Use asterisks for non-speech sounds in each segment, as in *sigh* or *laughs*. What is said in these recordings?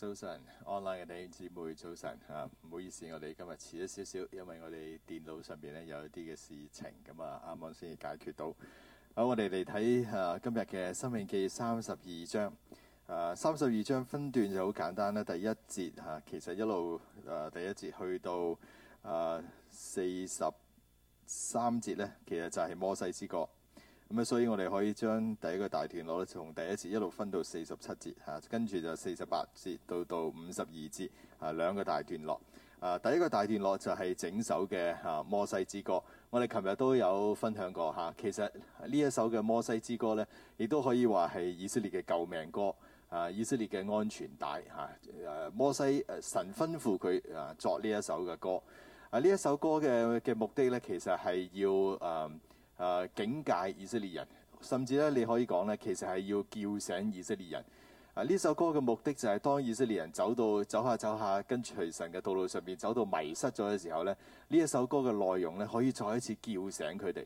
早晨，online 嘅弟兄姊妹早晨吓，唔、啊、好意思，我哋今日遲咗少少，因為我哋電腦上邊，咧有一啲嘅事情，咁啊啱啱先至解決到。好、啊，我哋嚟睇嚇今日嘅申命記三十二章。誒、啊，三十二章分段就好簡單啦。第一節吓、啊，其實一路誒、啊、第一節去到誒四十三節咧，其實就係摩西之國。咁所以我哋可以將第一個大段落咧，從第一節一路分到四十七節嚇，啊、跟住就四十八節到到五十二節啊，兩個大段落。啊，第一個大段落就係整首嘅啊摩西之歌。我哋琴日都有分享過嚇、啊。其實呢一首嘅摩西之歌咧，亦都可以話係以色列嘅救命歌啊，以色列嘅安全帶嚇。誒、啊、摩西誒、啊、神吩咐佢啊作呢一首嘅歌。啊，呢一首歌嘅嘅目的咧，其實係要誒。啊誒警戒以色列人，甚至咧你可以講咧，其實係要叫醒以色列人。啊，呢首歌嘅目的就係、是、當以色列人走到走下走下，跟隨神嘅道路上面走到迷失咗嘅時候咧，呢一首歌嘅內容咧可以再一次叫醒佢哋，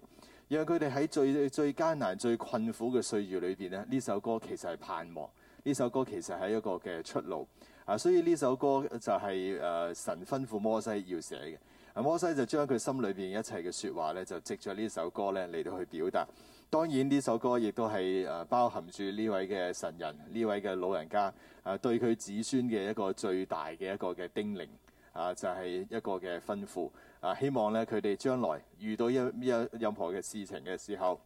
讓佢哋喺最最艱難、最困苦嘅歲月裏邊咧，呢首歌其實係盼望，呢首歌其實係一個嘅出路。啊，所以呢首歌就係、是、誒、呃、神吩咐摩西要寫嘅。摩、啊、西就將佢心裏邊一切嘅説話咧，就藉著呢首歌咧嚟到去表達。當然呢首歌亦都係誒包含住呢位嘅神人，呢位嘅老人家啊，對佢子孫嘅一個最大嘅一個嘅叮囑啊，就係、是、一個嘅吩咐啊，希望咧佢哋將來遇到一咩任何嘅事情嘅時候，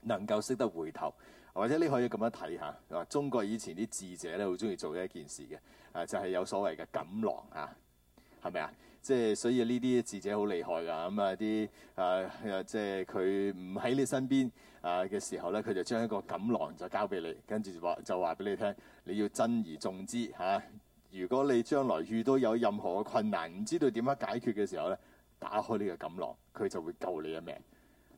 能夠識得回頭。或者你可以咁樣睇下，話、啊、中國以前啲智者咧，好中意做一件事嘅，誒就係有所謂嘅錦囊。啊，係、就、咪、是、啊？即係所以呢啲智者好厲害㗎，咁啊啲啊即係佢唔喺你身邊啊嘅、呃、時候咧，佢就將一個錦囊就交俾你，跟住話就話俾你聽，你要珍而重之嚇、啊。如果你將來遇到有任何嘅困難，唔知道點樣解決嘅時候咧，打開呢個錦囊，佢就會救你一命，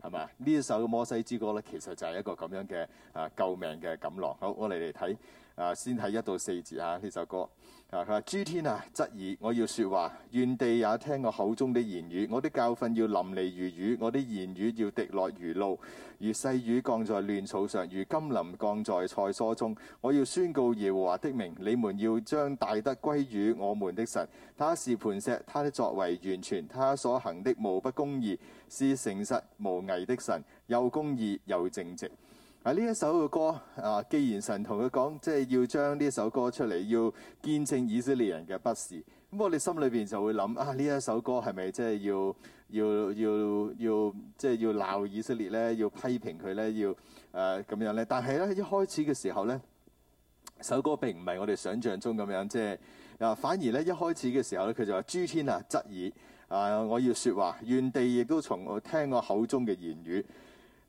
係咪啊？呢一首《摩西之歌》咧，其實就係一個咁樣嘅啊救命嘅錦囊。好，我哋嚟睇。啊，先睇一到四字啊，呢首歌。啊，佢話：諸天啊，側耳，我要説話，願地也聽我口中的言語。我的教訓要淋漓如雨，我的言語要滴落如露，如細雨降在亂草上，如甘霖降在菜蔬中。我要宣告耶和華的名，你們要將大德歸於我們的神。他是磐石，他的作為完全，他所行的無不公義，是誠實無偽的神，又公義又正直。啊！呢一首嘅歌啊，既然神同佢講，即係要將呢一首歌出嚟，要見證以色列人嘅不是。咁我哋心裏邊就會諗：啊，呢一首歌係咪即係要要要要即係要鬧以色列咧？要批評佢咧？要誒咁、呃、樣咧？但係咧，一開始嘅時候咧，首歌並唔係我哋想象中咁樣，即係啊，反而咧一開始嘅時候咧，佢就話：諸天啊，側耳啊，我要説話，願地亦都從我聽我口中嘅言語。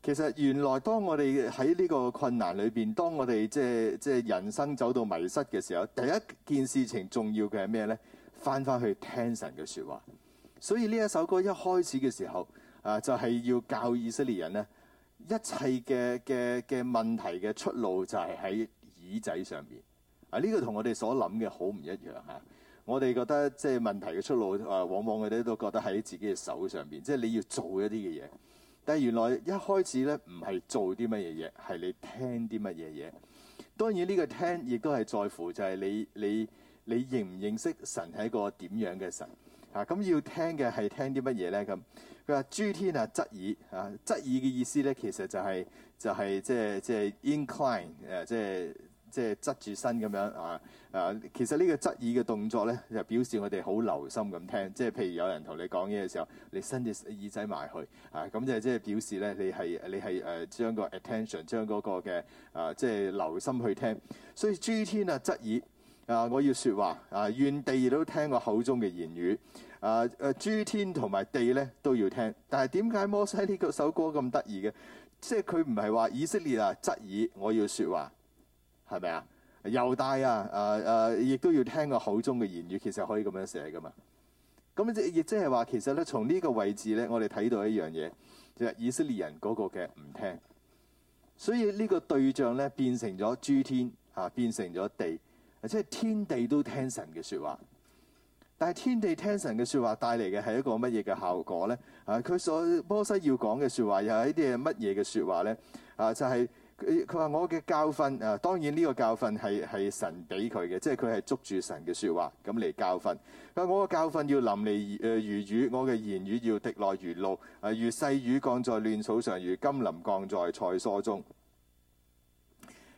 其實原來當我哋喺呢個困難裏邊，當我哋即係即係人生走到迷失嘅時候，第一件事情重要嘅係咩咧？翻返去聽神嘅説話。所以呢一首歌一開始嘅時候，啊就係要教以色列人咧，一切嘅嘅嘅問題嘅出路就係喺耳仔上邊。啊呢個同我哋所諗嘅好唔一樣嚇、啊。我哋覺得即係問題嘅出路，啊往往我哋都覺得喺自己嘅手上邊，即係你要做一啲嘅嘢。但係原來一開始咧，唔係做啲乜嘢嘢，係你聽啲乜嘢嘢。當然呢個聽，亦都係在乎就係你你你認唔認識神係一個點樣嘅神啊？咁要聽嘅係聽啲乜嘢咧？咁佢話：諸天啊，側耳啊，側耳嘅意思咧，其實就係、是、就係即係即係 incline 誒，即、就、係、是。就係 in 即係側住身咁樣啊啊！其實呢個側耳嘅動作咧，就表示我哋好留心咁聽。即係譬如有人同你講嘢嘅時候，你伸隻耳仔埋去啊，咁就即係表示咧，你係你係誒將個 attention 將嗰個嘅啊，即係留心去聽。所以諸天啊側耳啊，我要說話啊，願地也都聽我口中嘅言語啊誒，諸天同埋地咧都要聽。但係點解摩西呢首歌咁得意嘅？即係佢唔係話以色列啊側耳，我要說話。係咪啊？猶大啊！誒、啊、誒、啊，亦都要聽個口中嘅言語，其實可以咁樣寫噶嘛。咁亦即係話，其實咧從呢個位置咧，我哋睇到一樣嘢，就係、是、以色列人嗰個嘅唔聽。所以呢個對象咧變成咗諸天嚇，變成咗、啊、地，啊、即係天地都聽神嘅説話。但係天地聽神嘅説話帶嚟嘅係一個乜嘢嘅效果咧？啊，佢所摩西要講嘅説話又係啲嘢乜嘢嘅説話咧？啊，就係、是。佢佢話：我嘅教訓啊，當然呢個教訓係係神俾佢嘅，即係佢係捉住神嘅説話咁嚟教訓。佢話：我嘅教訓要淋漓誒如雨，我嘅言語要滴落如露。啊，如細雨降在亂草上，如甘霖降在菜蔬中。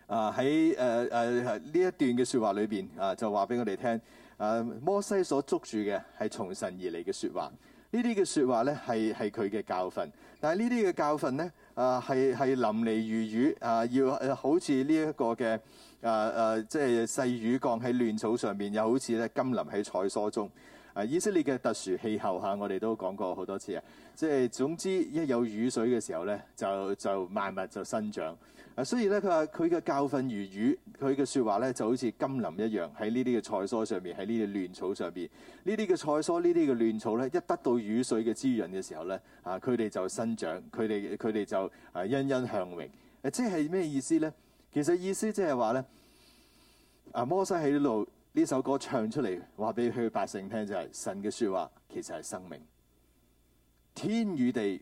啊，喺誒誒呢一段嘅説話裏邊啊，就話俾我哋聽。啊，摩西所捉住嘅係從神而嚟嘅説話，說話呢啲嘅説話咧係係佢嘅教訓，但係呢啲嘅教訓咧。啊，係係淋漓如雨啊，要好似呢一個嘅啊啊，即係、啊啊就是、細雨降喺嫩草上面，又好似咧甘霖喺菜蔬中。啊，以色列嘅特殊氣候嚇、啊，我哋都講過好多次啊。即係總之，一有雨水嘅時候咧，就就萬物就生長。啊，所以咧，佢話佢嘅教訓如雨，佢嘅説話咧就好似甘霖一樣，喺呢啲嘅菜蔬上面，喺呢啲嫩草上面。呢啲嘅菜蔬，呢啲嘅嫩草咧，一得到雨水嘅滋潤嘅時候咧，啊，佢哋就生長，佢哋佢哋就欣欣向榮。誒、啊，即係咩意思咧？其實意思即係話咧，啊摩西喺呢度呢首歌唱出嚟，話俾佢百姓聽就係、是、神嘅説話，其實係生命。天與地，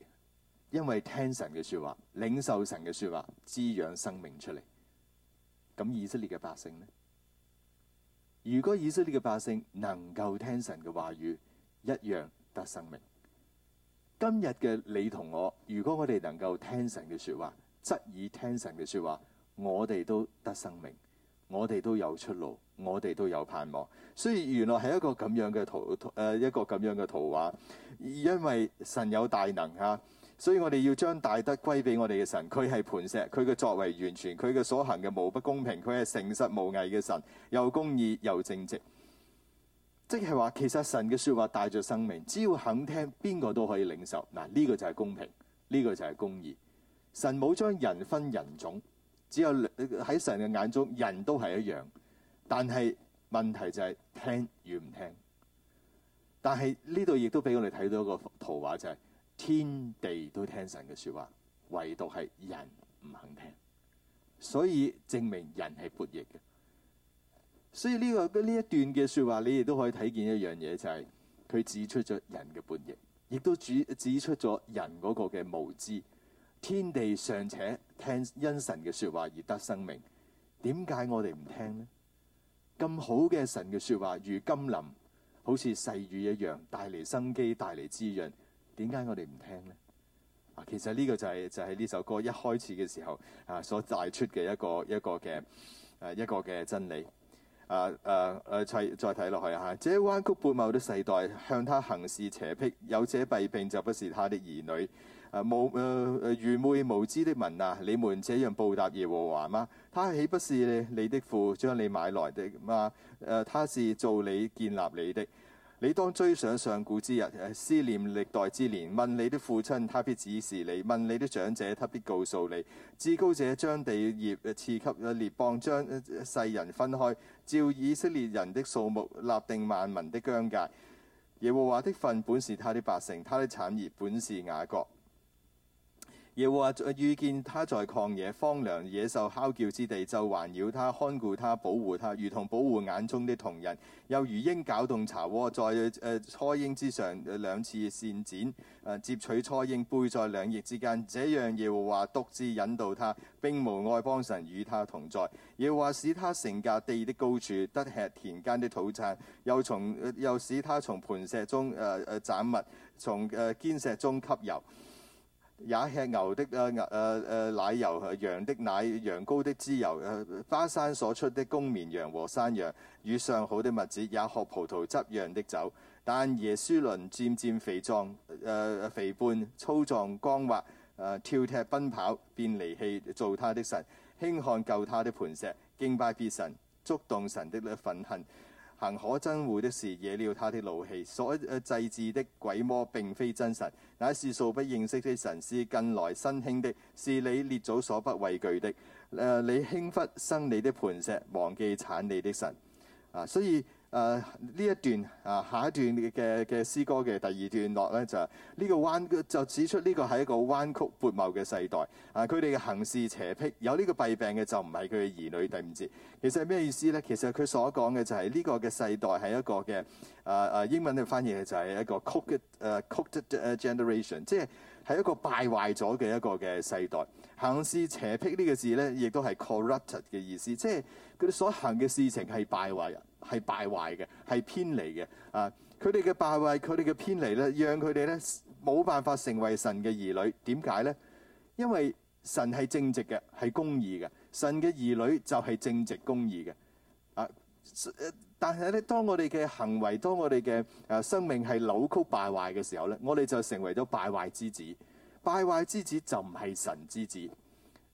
因為聽神嘅說話，領受神嘅說話，滋養生命出嚟。咁以色列嘅百姓呢？如果以色列嘅百姓能夠聽神嘅話語，一樣得生命。今日嘅你同我，如果我哋能夠聽神嘅說話，則以聽神嘅說話，我哋都得生命，我哋都有出路。我哋都有盼望，所以原來係一個咁樣嘅圖誒，一個咁樣嘅圖畫。因為神有大能啊，所以我哋要將大德歸俾我哋嘅神。佢係磐石，佢嘅作為完全，佢嘅所行嘅無不公平，佢係誠實無偽嘅神，又公義又正直。即係話，其實神嘅説話帶著生命，只要肯聽，邊個都可以領受嗱。呢個就係公平，呢個就係公義。神冇將人分人種，只有喺神嘅眼中，人都係一樣。但係問題就係、是、聽與唔聽。但係呢度亦都俾我哋睇到一個圖畫、就是，就係天地都聽神嘅説話，唯獨係人唔肯聽，所以證明人係叛逆嘅。所以呢、這個呢一段嘅説話，你亦都可以睇見一樣嘢、就是，就係佢指出咗人嘅叛逆，亦都指指出咗人嗰個嘅無知。天地尚且聽因神嘅説話而得生命，點解我哋唔聽呢？咁好嘅神嘅説話，如甘霖，好似細雨一樣，帶嚟生機，帶嚟滋潤。點解我哋唔聽呢？啊，其實呢個就係、是、就係、是、呢首歌一開始嘅時候啊，所帶出嘅一個一個嘅誒、啊、一個嘅真理。啊啊誒，再再睇落去啊，這彎曲悖謬的世代，向他行事邪僻，有這弊病，就不是他的兒女。啊呃、愚昧無知的民啊！你們這樣報答耶和華嗎？他豈不是你的父，將你買來的嗎？他、呃、是造你建立你的。你當追想上，上古之日，思念歷代之年，問你的父親，他必指示你；問你的長者，他必告訴你。至高者將地業誒賜給列邦，將世人分開，照以色列人的數目立定萬民的疆界。耶和華的份本是他的百姓，他的產業本是雅各。耶和華遇見他在曠野，荒涼野獸哮叫之地，就環繞他，看顧他，保護他，如同保護眼中的瞳人。又如鷹攪動巢窩，在誒雛鷹之上、呃、兩次扇展，誒、呃、接取雛鷹背在兩翼之間。這樣耶和華獨自引導他，並無外邦神與他同在。耶和華使他乘駕地的高處，得吃田間的土產。又從、呃、又使他從磐石中誒誒、呃呃、斬物，從誒、呃、堅石中吸油。也吃牛的啊牛，誒、啊、奶油，羊的奶，羊羔的脂油誒、啊、巴山所出的公綿羊和山羊，與上好的麥子，也喝葡萄汁釀的酒，但耶書崙漸漸肥壯誒、啊、肥胖粗壯、光滑誒、啊、跳踢、奔跑，便離棄造他的神，輕看救他的磐石，敬拜別神，觸動神的憤恨。行可憎惡的事，惹了他的怒氣。所、呃、祭祀的鬼魔並非真神，乃是素不認識的神。是近來新興的，是你列祖所不畏懼的。誒、呃，你輕忽生你的磐石，忘記產你的神。啊，所以。誒呢、uh, 一段啊，下一段嘅嘅詩歌嘅第二段落咧，就係呢個彎就指出呢個係一個彎曲撥茂嘅世代啊。佢哋嘅行事邪僻，有呢個弊病嘅就唔係佢嘅兒女第五節，其實係咩意思咧？其實佢所講嘅就係呢個嘅世代係一個嘅誒誒英文嘅翻譯嘅就係一個 corrupted、uh, corrupted generation，即係係一個敗壞咗嘅一個嘅世代。行事邪僻呢個字咧，亦都係 corrupted 嘅意思，即係佢哋所行嘅事情係敗壞人。係敗壞嘅，係偏離嘅。啊，佢哋嘅敗壞，佢哋嘅偏離咧，讓佢哋咧冇辦法成為神嘅兒女。點解咧？因為神係正直嘅，係公義嘅。神嘅兒女就係正直公義嘅。啊，但係咧，當我哋嘅行為，當我哋嘅誒生命係扭曲敗壞嘅時候咧，我哋就成為咗敗壞之子。敗壞之子就唔係神之子。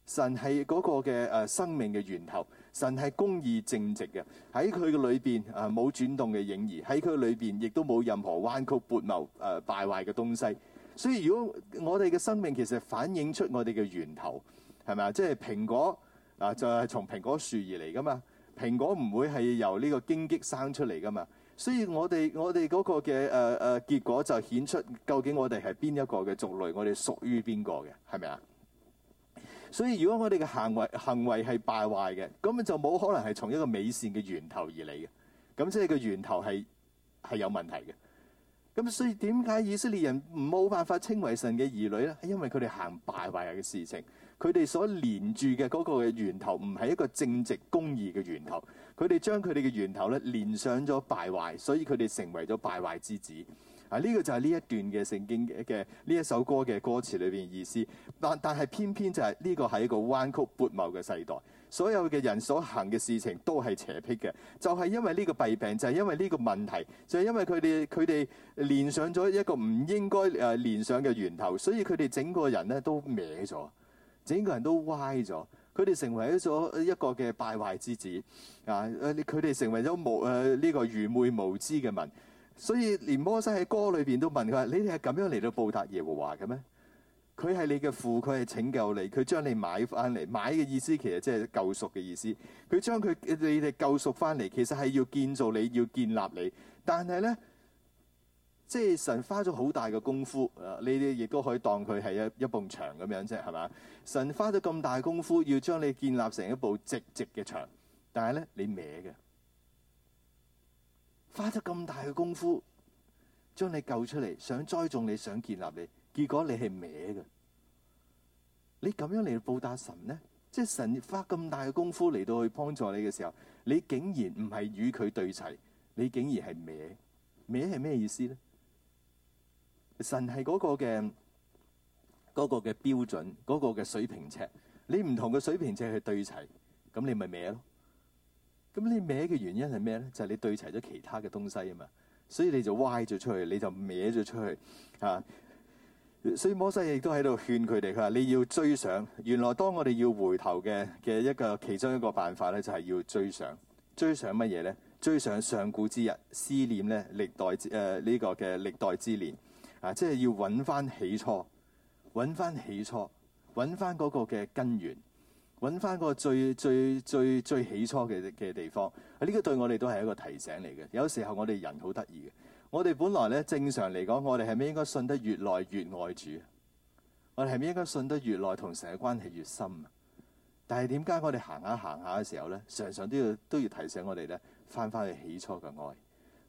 神係嗰個嘅誒生命嘅源頭。神係公義正直嘅，喺佢嘅裏邊啊冇轉動嘅影兒，喺佢嘅裏邊亦都冇任何彎曲撥謀誒、啊、敗壞嘅東西。所以如果我哋嘅生命其實反映出我哋嘅源頭，係咪啊？即係蘋果啊，就係、是、從蘋果樹而嚟㗎嘛。蘋果唔會係由呢個荊棘生出嚟㗎嘛。所以我哋我哋嗰個嘅誒誒結果就顯出究竟我哋係邊一個嘅族類，我哋屬於邊個嘅，係咪啊？所以如果我哋嘅行為行為係敗壞嘅，咁咪就冇可能係從一個美善嘅源頭而嚟嘅。咁即係個源頭係係有問題嘅。咁所以點解以色列人冇辦法稱為神嘅兒女咧？係因為佢哋行敗壞嘅事情，佢哋所連住嘅嗰個嘅源頭唔係一個正直公義嘅源頭，佢哋將佢哋嘅源頭咧連上咗敗壞，所以佢哋成為咗敗壞之子。啊！呢、這個就係呢一段嘅聖經嘅呢一首歌嘅歌詞裏邊意思，但但係偏偏就係、是、呢、這個係一個彎曲悖謬嘅世代，所有嘅人所行嘅事情都係邪僻嘅，就係、是、因為呢個弊病，就係、是、因為呢個問題，就係、是、因為佢哋佢哋連上咗一個唔應該誒連上嘅源頭，所以佢哋整個人咧都歪咗，整個人都歪咗，佢哋成為咗一個嘅敗壞之子啊！佢、啊、哋成為咗無誒呢、啊這個愚昧無知嘅民。所以，連摩西喺歌裏邊都問佢話：你哋係咁樣嚟到報答耶和華嘅咩？佢係你嘅父，佢係拯救你，佢將你買翻嚟，買嘅意思其實即係救贖嘅意思。佢將佢你哋救贖翻嚟，其實係要建造你，要建立你。但係咧，即係神花咗好大嘅功夫，啊你哋亦都可以當佢係一一埲牆咁樣啫，係嘛？神花咗咁大功夫要將你建立成一部直直嘅牆，但係咧你歪嘅。花咗咁大嘅功夫，將你救出嚟，想栽種你，想建立你，結果你係歪嘅。你咁樣嚟報答神呢？即係神花咁大嘅功夫嚟到去幫助你嘅時候，你竟然唔係與佢對齊，你竟然係歪，歪係咩意思呢？神係嗰個嘅嗰個嘅標準，嗰個嘅水平尺，你唔同嘅水平尺去對齊，咁你咪歪咯。咁你歪嘅原因係咩咧？就係你對齊咗其他嘅東西啊嘛，所以你就歪咗出去，你就歪咗出去啊！所以摩西亦都喺度勸佢哋，佢話你要追上。原來當我哋要回頭嘅嘅一個其中一個辦法咧，就係要追上。追上乜嘢咧？追上上古之日，思念咧歷代誒呢個嘅歷代之年啊！即係要揾翻起初，揾翻起初，揾翻嗰個嘅根源。揾翻個最最最最起初嘅嘅地方，啊！呢個對我哋都係一個提醒嚟嘅。有時候我哋人好得意嘅，我哋本來咧正常嚟講，我哋係咪應該信得越來越愛主？我哋係咪應該信得越耐同神嘅關係越深？但係點解我哋行下行下嘅時候咧，常常都要都要提醒我哋咧，翻翻去起初嘅愛，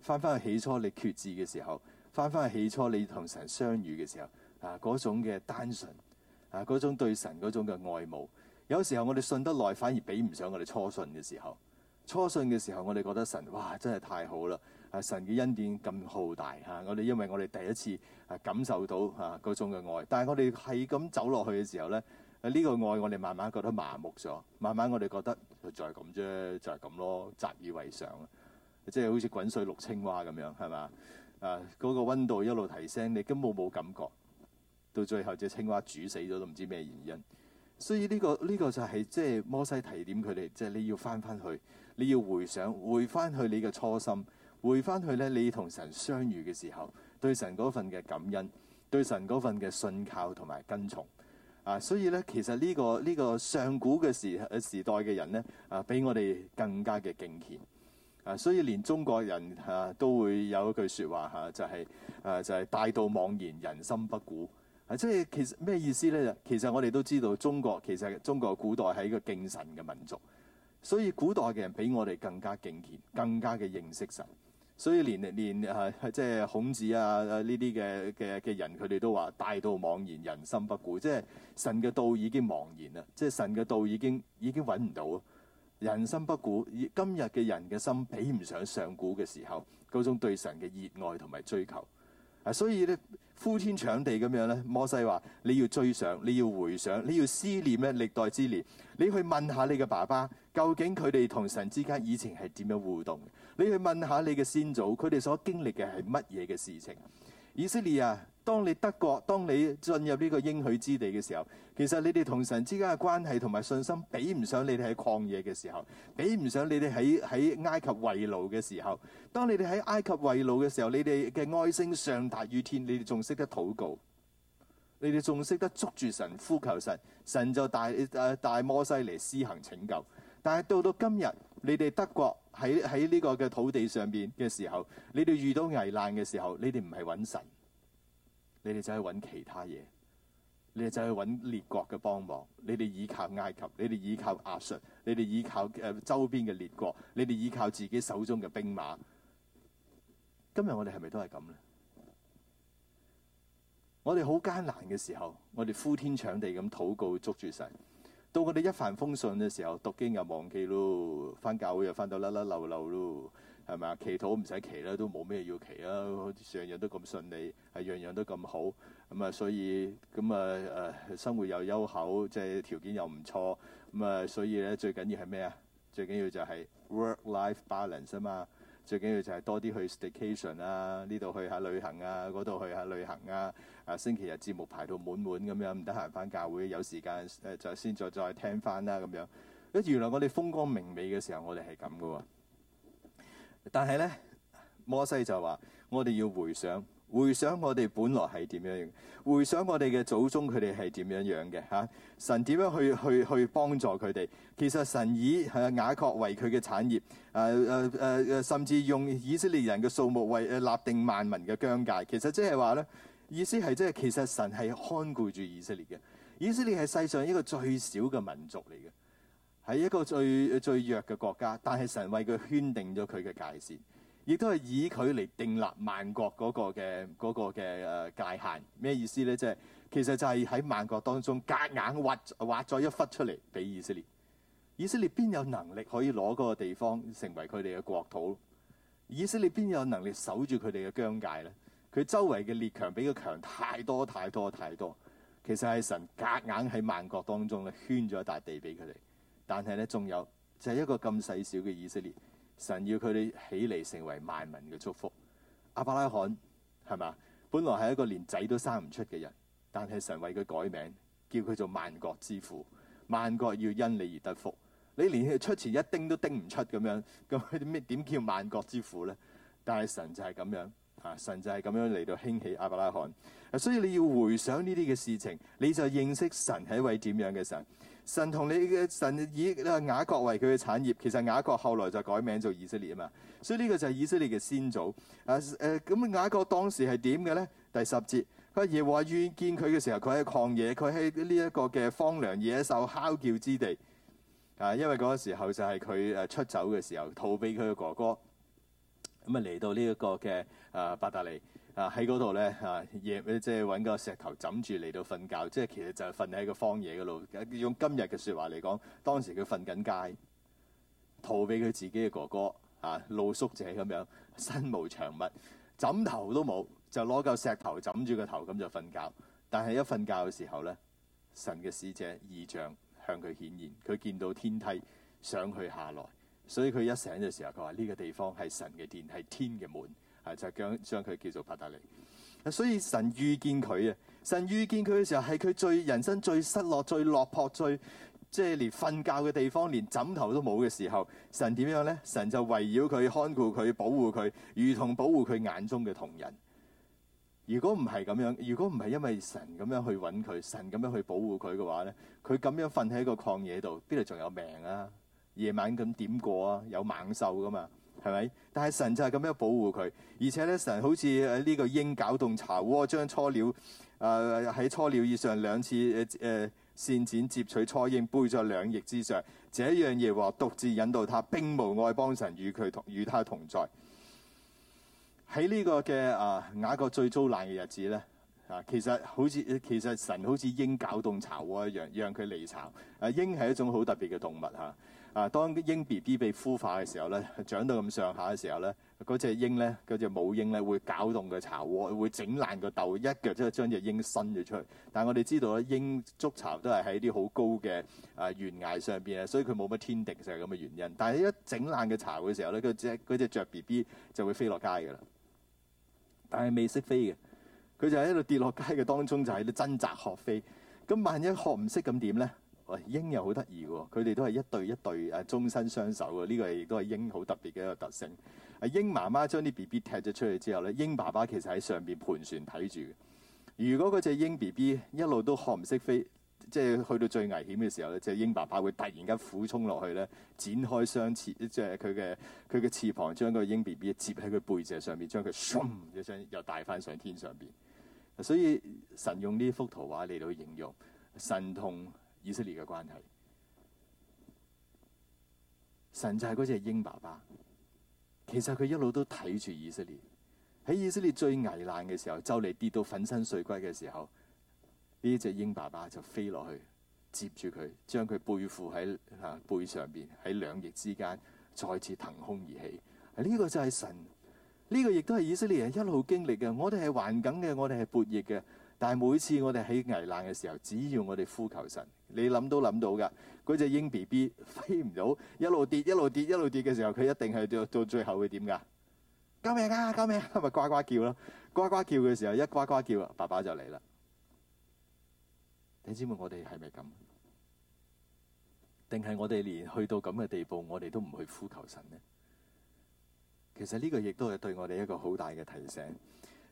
翻翻去起初你決志嘅時候，翻翻去起初你同神相遇嘅時候啊，嗰種嘅單純啊，嗰種對神嗰種嘅愛慕。有時候我哋信得耐，反而比唔上我哋初信嘅時候。初信嘅時候，我哋覺得神哇真係太好啦，係神嘅恩典咁浩大嚇。我哋啊因為我哋第一次係感受到啊嗰種嘅愛，但係我哋係咁走落去嘅時候咧，啊，呢個愛我哋慢慢覺得麻木咗，慢慢我哋覺得就係咁啫，就係咁咯，習以為常，即係好似滾水淥青蛙咁樣，係嘛？啊嗰個温度一路提升，你根本冇感覺，到最後隻青蛙煮死咗都唔知咩原因。所以呢、這個呢、這個就係即係摩西提點佢哋，即、就、係、是、你要翻翻去，你要回想回翻去你嘅初心，回翻去咧你同神相遇嘅時候，對神嗰份嘅感恩，對神嗰份嘅信靠同埋跟從啊！所以咧，其實呢、這個呢、這個上古嘅時時代嘅人咧啊，比我哋更加嘅敬虔啊！所以連中國人嚇、啊、都會有一句説話嚇、啊，就係、是、誒、啊、就係、是、大道妄言，人心不古。啊！即係其實咩意思咧？就其實我哋都知道，中國其實中國古代係一個敬神嘅民族，所以古代嘅人比我哋更加敬虔，更加嘅認識神。所以連連啊，即係孔子啊，呢啲嘅嘅嘅人，佢哋都話大道茫然，人心不古。即係神嘅道已經茫然啦，即係神嘅道已經已經揾唔到。人心不古，今日嘅人嘅心比唔上上古嘅時候嗰種對神嘅熱愛同埋追求。啊，所以咧。呼天搶地咁樣咧，摩西話：你要追上，你要回想，你要思念咧歷代之年。你去問下你嘅爸爸，究竟佢哋同神之間以前係點樣互動？你去問下你嘅先祖，佢哋所經歷嘅係乜嘢嘅事情？以色列啊！當你德國當你進入呢個應許之地嘅時候，其實你哋同神之間嘅關係同埋信心比唔上你哋喺曠野嘅時候，比唔上你哋喺喺埃及為奴嘅時候。當你哋喺埃及為奴嘅時候，你哋嘅哀聲上達於天，你哋仲識得禱告，你哋仲識得捉住神呼求神，神就大誒大，大摩西嚟施行拯救。但係到到今日，你哋德國喺喺呢個嘅土地上邊嘅時候，你哋遇到危難嘅時候，你哋唔係揾神。你哋就去揾其他嘢，你哋就去揾列國嘅幫忙，你哋倚靠埃及，你哋倚靠亞述，你哋倚靠誒、呃、周邊嘅列國，你哋依靠自己手中嘅兵馬。今日我哋係咪都係咁咧？我哋好艱難嘅時候，我哋呼天搶地咁禱告，捉住神。到我哋一帆風順嘅時候，讀經又忘記咯，翻教會又翻到甩甩漏漏咯。係咪啊？祈禱唔使祈啦，都冇咩要祈啦。好似樣樣都咁順利，係樣樣都咁好。咁、嗯、啊，所以咁啊誒，生活又優厚，即係條件又唔錯。咁、嗯、啊，所以咧最緊要係咩啊？最緊要，要就係 work-life balance 啊嘛。最緊要就係多啲去 staycation 啊，呢度去下旅行啊，嗰度去下旅行啊。啊，星期日節目排到滿滿咁樣，唔得閒翻教會，有時間誒就先再再聽翻啦咁樣。誒，原來我哋風光明媚嘅時候，我哋係咁噶喎。但係咧，摩西就話：我哋要回想，回想我哋本來係點樣樣，回想我哋嘅祖宗佢哋係點樣樣嘅嚇。神點樣去去去幫助佢哋？其實神以、啊、雅各為佢嘅產業，誒誒誒誒，甚至用以色列人嘅數目為立定萬民嘅疆界。其實即係話咧，意思係即係其實神係看顧住以色列嘅。以色列係世上一個最少嘅民族嚟嘅。係一個最最弱嘅國家，但係神為佢圈定咗佢嘅界線，亦都係以佢嚟定立萬國嗰個嘅嗰個嘅誒界限。咩意思咧？即係其實就係喺萬國當中夾硬，硬挖挖咗一忽出嚟俾以色列。以色列邊有能力可以攞嗰個地方成為佢哋嘅國土？以色列邊有能力守住佢哋嘅疆界咧？佢周圍嘅列強比佢強太多太多太多，太多。其實係神夾硬喺萬國當中咧圈咗一笪地俾佢哋。但係咧，仲有就係、是、一個咁細小嘅以色列，神要佢哋起嚟成為萬民嘅祝福。亞伯拉罕係嘛？本來係一個連仔都生唔出嘅人，但係神為佢改名，叫佢做萬國之父。萬國要因你而得福。你連出前一丁都叮唔出咁樣，咁點咩點叫萬國之父咧？但係神就係咁樣嚇、啊，神就係咁樣嚟到興起亞伯拉罕。所以你要回想呢啲嘅事情，你就認識神係一位點樣嘅神。神同你嘅神以雅各為佢嘅產業，其實雅各後來就改名做以色列嘛，所以呢個就係以色列嘅先祖。誒、啊、誒，咁、啊啊、雅各當時係點嘅咧？第十節，耶和華遇見佢嘅時候，佢喺曠野，佢喺呢一個嘅荒涼野獸哮叫之地。啊，因為嗰個時候就係佢誒出走嘅時候，逃避佢嘅哥哥，咁、嗯、啊嚟到呢一個嘅啊伯特利。啊，喺嗰度咧，啊，夜即係揾個石頭枕住嚟到瞓覺，即係其實就係瞓喺個荒野嗰度。用今日嘅説話嚟講，當時佢瞓緊街，逃避佢自己嘅哥哥，啊，露宿者咁樣，身無長物，枕頭都冇，就攞嚿石頭枕住個頭咁就瞓覺。但係一瞓覺嘅時候咧，神嘅使者異象向佢顯現，佢見到天梯上去下來，所以佢一醒嘅時候，佢話呢個地方係神嘅殿，係天嘅門。係 *music* 就將將佢叫做伯特利，所以神遇見佢啊！神遇見佢嘅時候係佢最人生最失落、最落魄、最即係、就是、連瞓覺嘅地方連枕頭都冇嘅時候，神點樣咧？神就圍繞佢，看顧佢、保護佢，如同保護佢眼中嘅瞳人。如果唔係咁樣，如果唔係因為神咁樣去揾佢，神咁樣去保護佢嘅話咧，佢咁樣瞓喺個曠野度，邊度仲有命啊？夜晚咁點過啊？有猛獸噶嘛？係咪？但係神就係咁樣保護佢，而且咧，神好似呢個鷹搞動巢窩，將初鳥誒喺、呃、初鳥以上兩次誒誒扇展接取初鷹背咗兩翼之上，這樣耶和華獨自引導他，並無外邦神與佢同與他同在。喺呢個嘅啊雅各最遭難嘅日子咧啊，其實好似其實神好似鷹搞動巢窩一樣，讓佢離巢。啊，鷹係一種好特別嘅動物嚇。啊啊，當啲鷹 B B 被孵化嘅時候咧，長到咁上下嘅時候咧，嗰隻鷹咧，嗰隻母鷹咧，會攪動個巢窩，會整爛個竇，一腳即係將隻鷹伸咗出去。但係我哋知道咧，鷹築巢都係喺啲好高嘅啊懸崖上邊咧，所以佢冇乜天敵，就係咁嘅原因。但係一整爛個巢嘅時候咧，嗰隻嗰隻雀 B B 就會飛落街㗎啦。但係未識飛嘅，佢就喺度跌落街嘅當中就喺度掙扎學飛。咁萬一學唔識咁點咧？鷹又好得意嘅，佢哋都係一對一對誒、啊，終身相守嘅。呢、這個亦都係鷹好特別嘅一個特性。啊、鷹媽媽將啲 B B 踢咗出去之後咧，鷹爸爸其實喺上邊盤旋睇住。如果嗰隻鷹 B B 一路都學唔識飛，即係去到最危險嘅時候咧，即係鷹爸爸會突然間俯衝落去咧，展開雙翅，即係佢嘅佢嘅翅膀，將嗰個鷹 B B 接喺佢背脊上邊，將佢唰一聲又帶翻上天上邊。所以神用呢幅圖畫嚟到形容神同以色列嘅關係，神就係嗰隻鷹爸爸。其實佢一路都睇住以色列，喺以色列最危難嘅時候，就嚟跌到粉身碎骨嘅時候，呢隻鷹爸爸就飛落去接住佢，將佢背負喺背上邊，喺兩翼之間再次騰空而起。呢個就係神，呢個亦都係以色列人一路經歷嘅。我哋係環境嘅，我哋係叛逆嘅。但係每次我哋喺危難嘅時候，只要我哋呼求神，你諗都諗到㗎。嗰隻鷹 B B 飛唔到，一路跌一路跌一路跌嘅時候，佢一定係到到最後會點㗎？救命啊！救命啊！咪呱呱叫咯，呱呱叫嘅時候一呱呱叫，爸爸就嚟啦。你知唔知我哋係咪咁？定係我哋連去到咁嘅地步，我哋都唔去呼求神呢？其實呢個亦都係對我哋一個好大嘅提醒。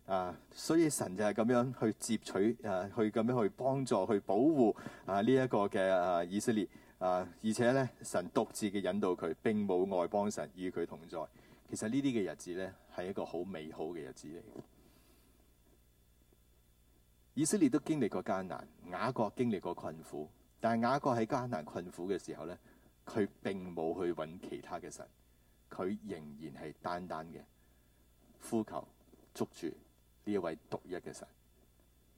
啊，所以神就係咁樣去接取，啊，去咁樣去幫助、去保護啊呢一個嘅啊以色列啊，而且咧神獨自嘅引導佢，並冇外邦神與佢同在。其實呢啲嘅日子咧，係一個好美好嘅日子嚟。以色列都經歷過艱難，雅各經歷過困苦，但係雅各喺艱難困苦嘅時候咧，佢並冇去揾其他嘅神，佢仍然係單單嘅呼求捉住。呢一位獨一嘅神，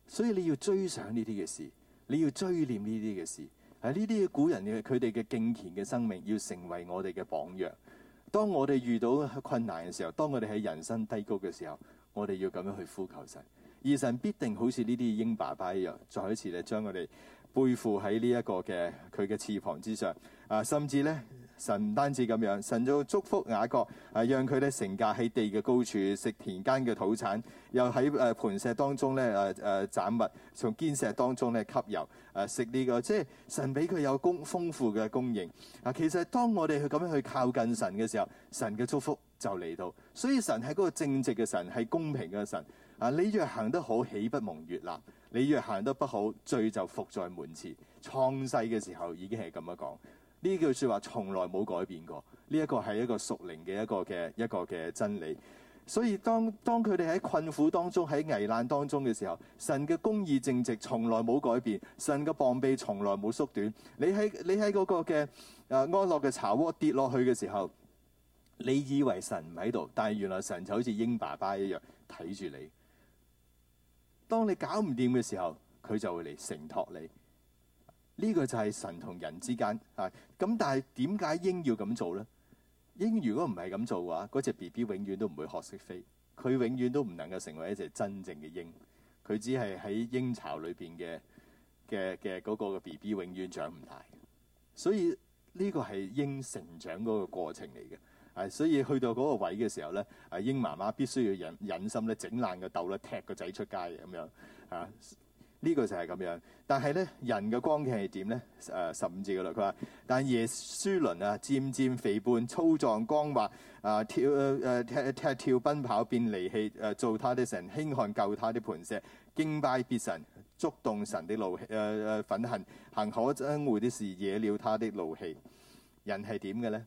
所以你要追想呢啲嘅事，你要追念呢啲嘅事。係呢啲古人嘅佢哋嘅敬虔嘅生命，要成為我哋嘅榜樣。當我哋遇到困難嘅時候，當我哋喺人生低谷嘅時候，我哋要咁樣去呼求神。而神必定好似呢啲鷹爸爸一樣，再一次嚟將我哋背負喺呢一個嘅佢嘅翅膀之上啊，甚至咧。神唔單止咁樣，神就祝福雅各，係、啊、讓佢咧成架喺地嘅高處，食田間嘅土產，又喺誒磐石當中咧誒誒斬物，從堅石當中咧吸油誒、啊、食呢、這個，即係神俾佢有豐富嘅供應。啊，其實當我哋去咁樣去靠近神嘅時候，神嘅祝福就嚟到。所以神係嗰個正直嘅神，係公平嘅神。啊，你若行得好，豈不蒙悦納；你若行得不好，罪就伏在門前。創世嘅時候已經係咁樣講。呢句説話從來冇改變過，呢、這、一個係一個屬靈嘅一個嘅一個嘅真理。所以當當佢哋喺困苦當中、喺危難當中嘅時候，神嘅公義正直從來冇改變，神嘅膀臂從來冇縮短。你喺你喺嗰個嘅誒、啊、安樂嘅巢窩跌落去嘅時候，你以為神唔喺度，但係原來神就好似鷹爸爸一樣睇住你。當你搞唔掂嘅時候，佢就會嚟承托你。呢個就係神同人之間啊！咁但係點解鷹要咁做咧？鷹如果唔係咁做嘅話，嗰隻 B B 永遠都唔會學識飛，佢永遠都唔能夠成為一隻真正嘅鷹。佢只係喺鷹巢裏邊嘅嘅嘅嗰個嘅 B B，永遠長唔大嘅。所以呢個係鷹成長嗰個過程嚟嘅啊！所以去到嗰個位嘅時候咧，啊鷹媽媽必須要忍忍心咧，整爛個竇啦，踢個仔出街咁樣啊！啊。呢個就係咁樣，但係咧，人嘅光景係點咧？誒、啊、十五字嘅啦，佢話，但耶書崙啊，漸漸肥胖粗壯光滑啊，跳誒踢踢跳奔跑，變離棄誒造、啊、他的神輕看救他的磐石，敬拜別神觸動神的怒氣誒誒憤恨行可憎惡的事惹了他的怒氣，人係點嘅咧？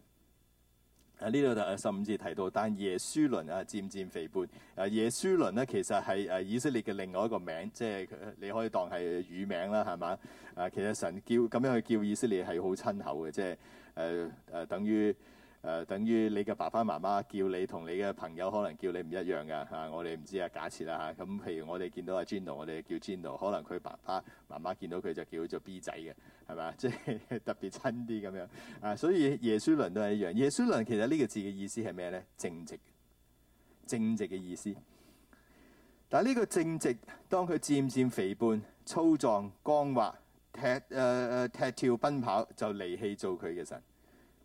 啊！呢度就十五節提到，但耶書倫啊漸漸肥胖。啊，耶書倫咧、啊、其實係誒以色列嘅另外一個名，即係你可以當係乳名啦，係嘛？啊，其實神叫咁樣去叫以色列係好親口嘅，即係誒誒，等於。誒、呃，等於你嘅爸爸媽媽叫你，同你嘅朋友可能叫你唔一樣嘅嚇、啊。我哋唔知啊，假設啦嚇。咁、啊啊、譬如我哋見到阿 Jano，我哋叫 Jano，可能佢爸爸媽媽見到佢就叫做 B 仔嘅，係咪啊？即 *laughs* 係特別親啲咁樣啊。所以耶書崙都係一樣。耶書崙其實呢個字嘅意思係咩咧？正直，正直嘅意思。但係呢個正直，當佢漸漸肥胖、粗壯、光滑、踢誒誒、呃、踢跳、奔跑，就離棄造佢嘅神。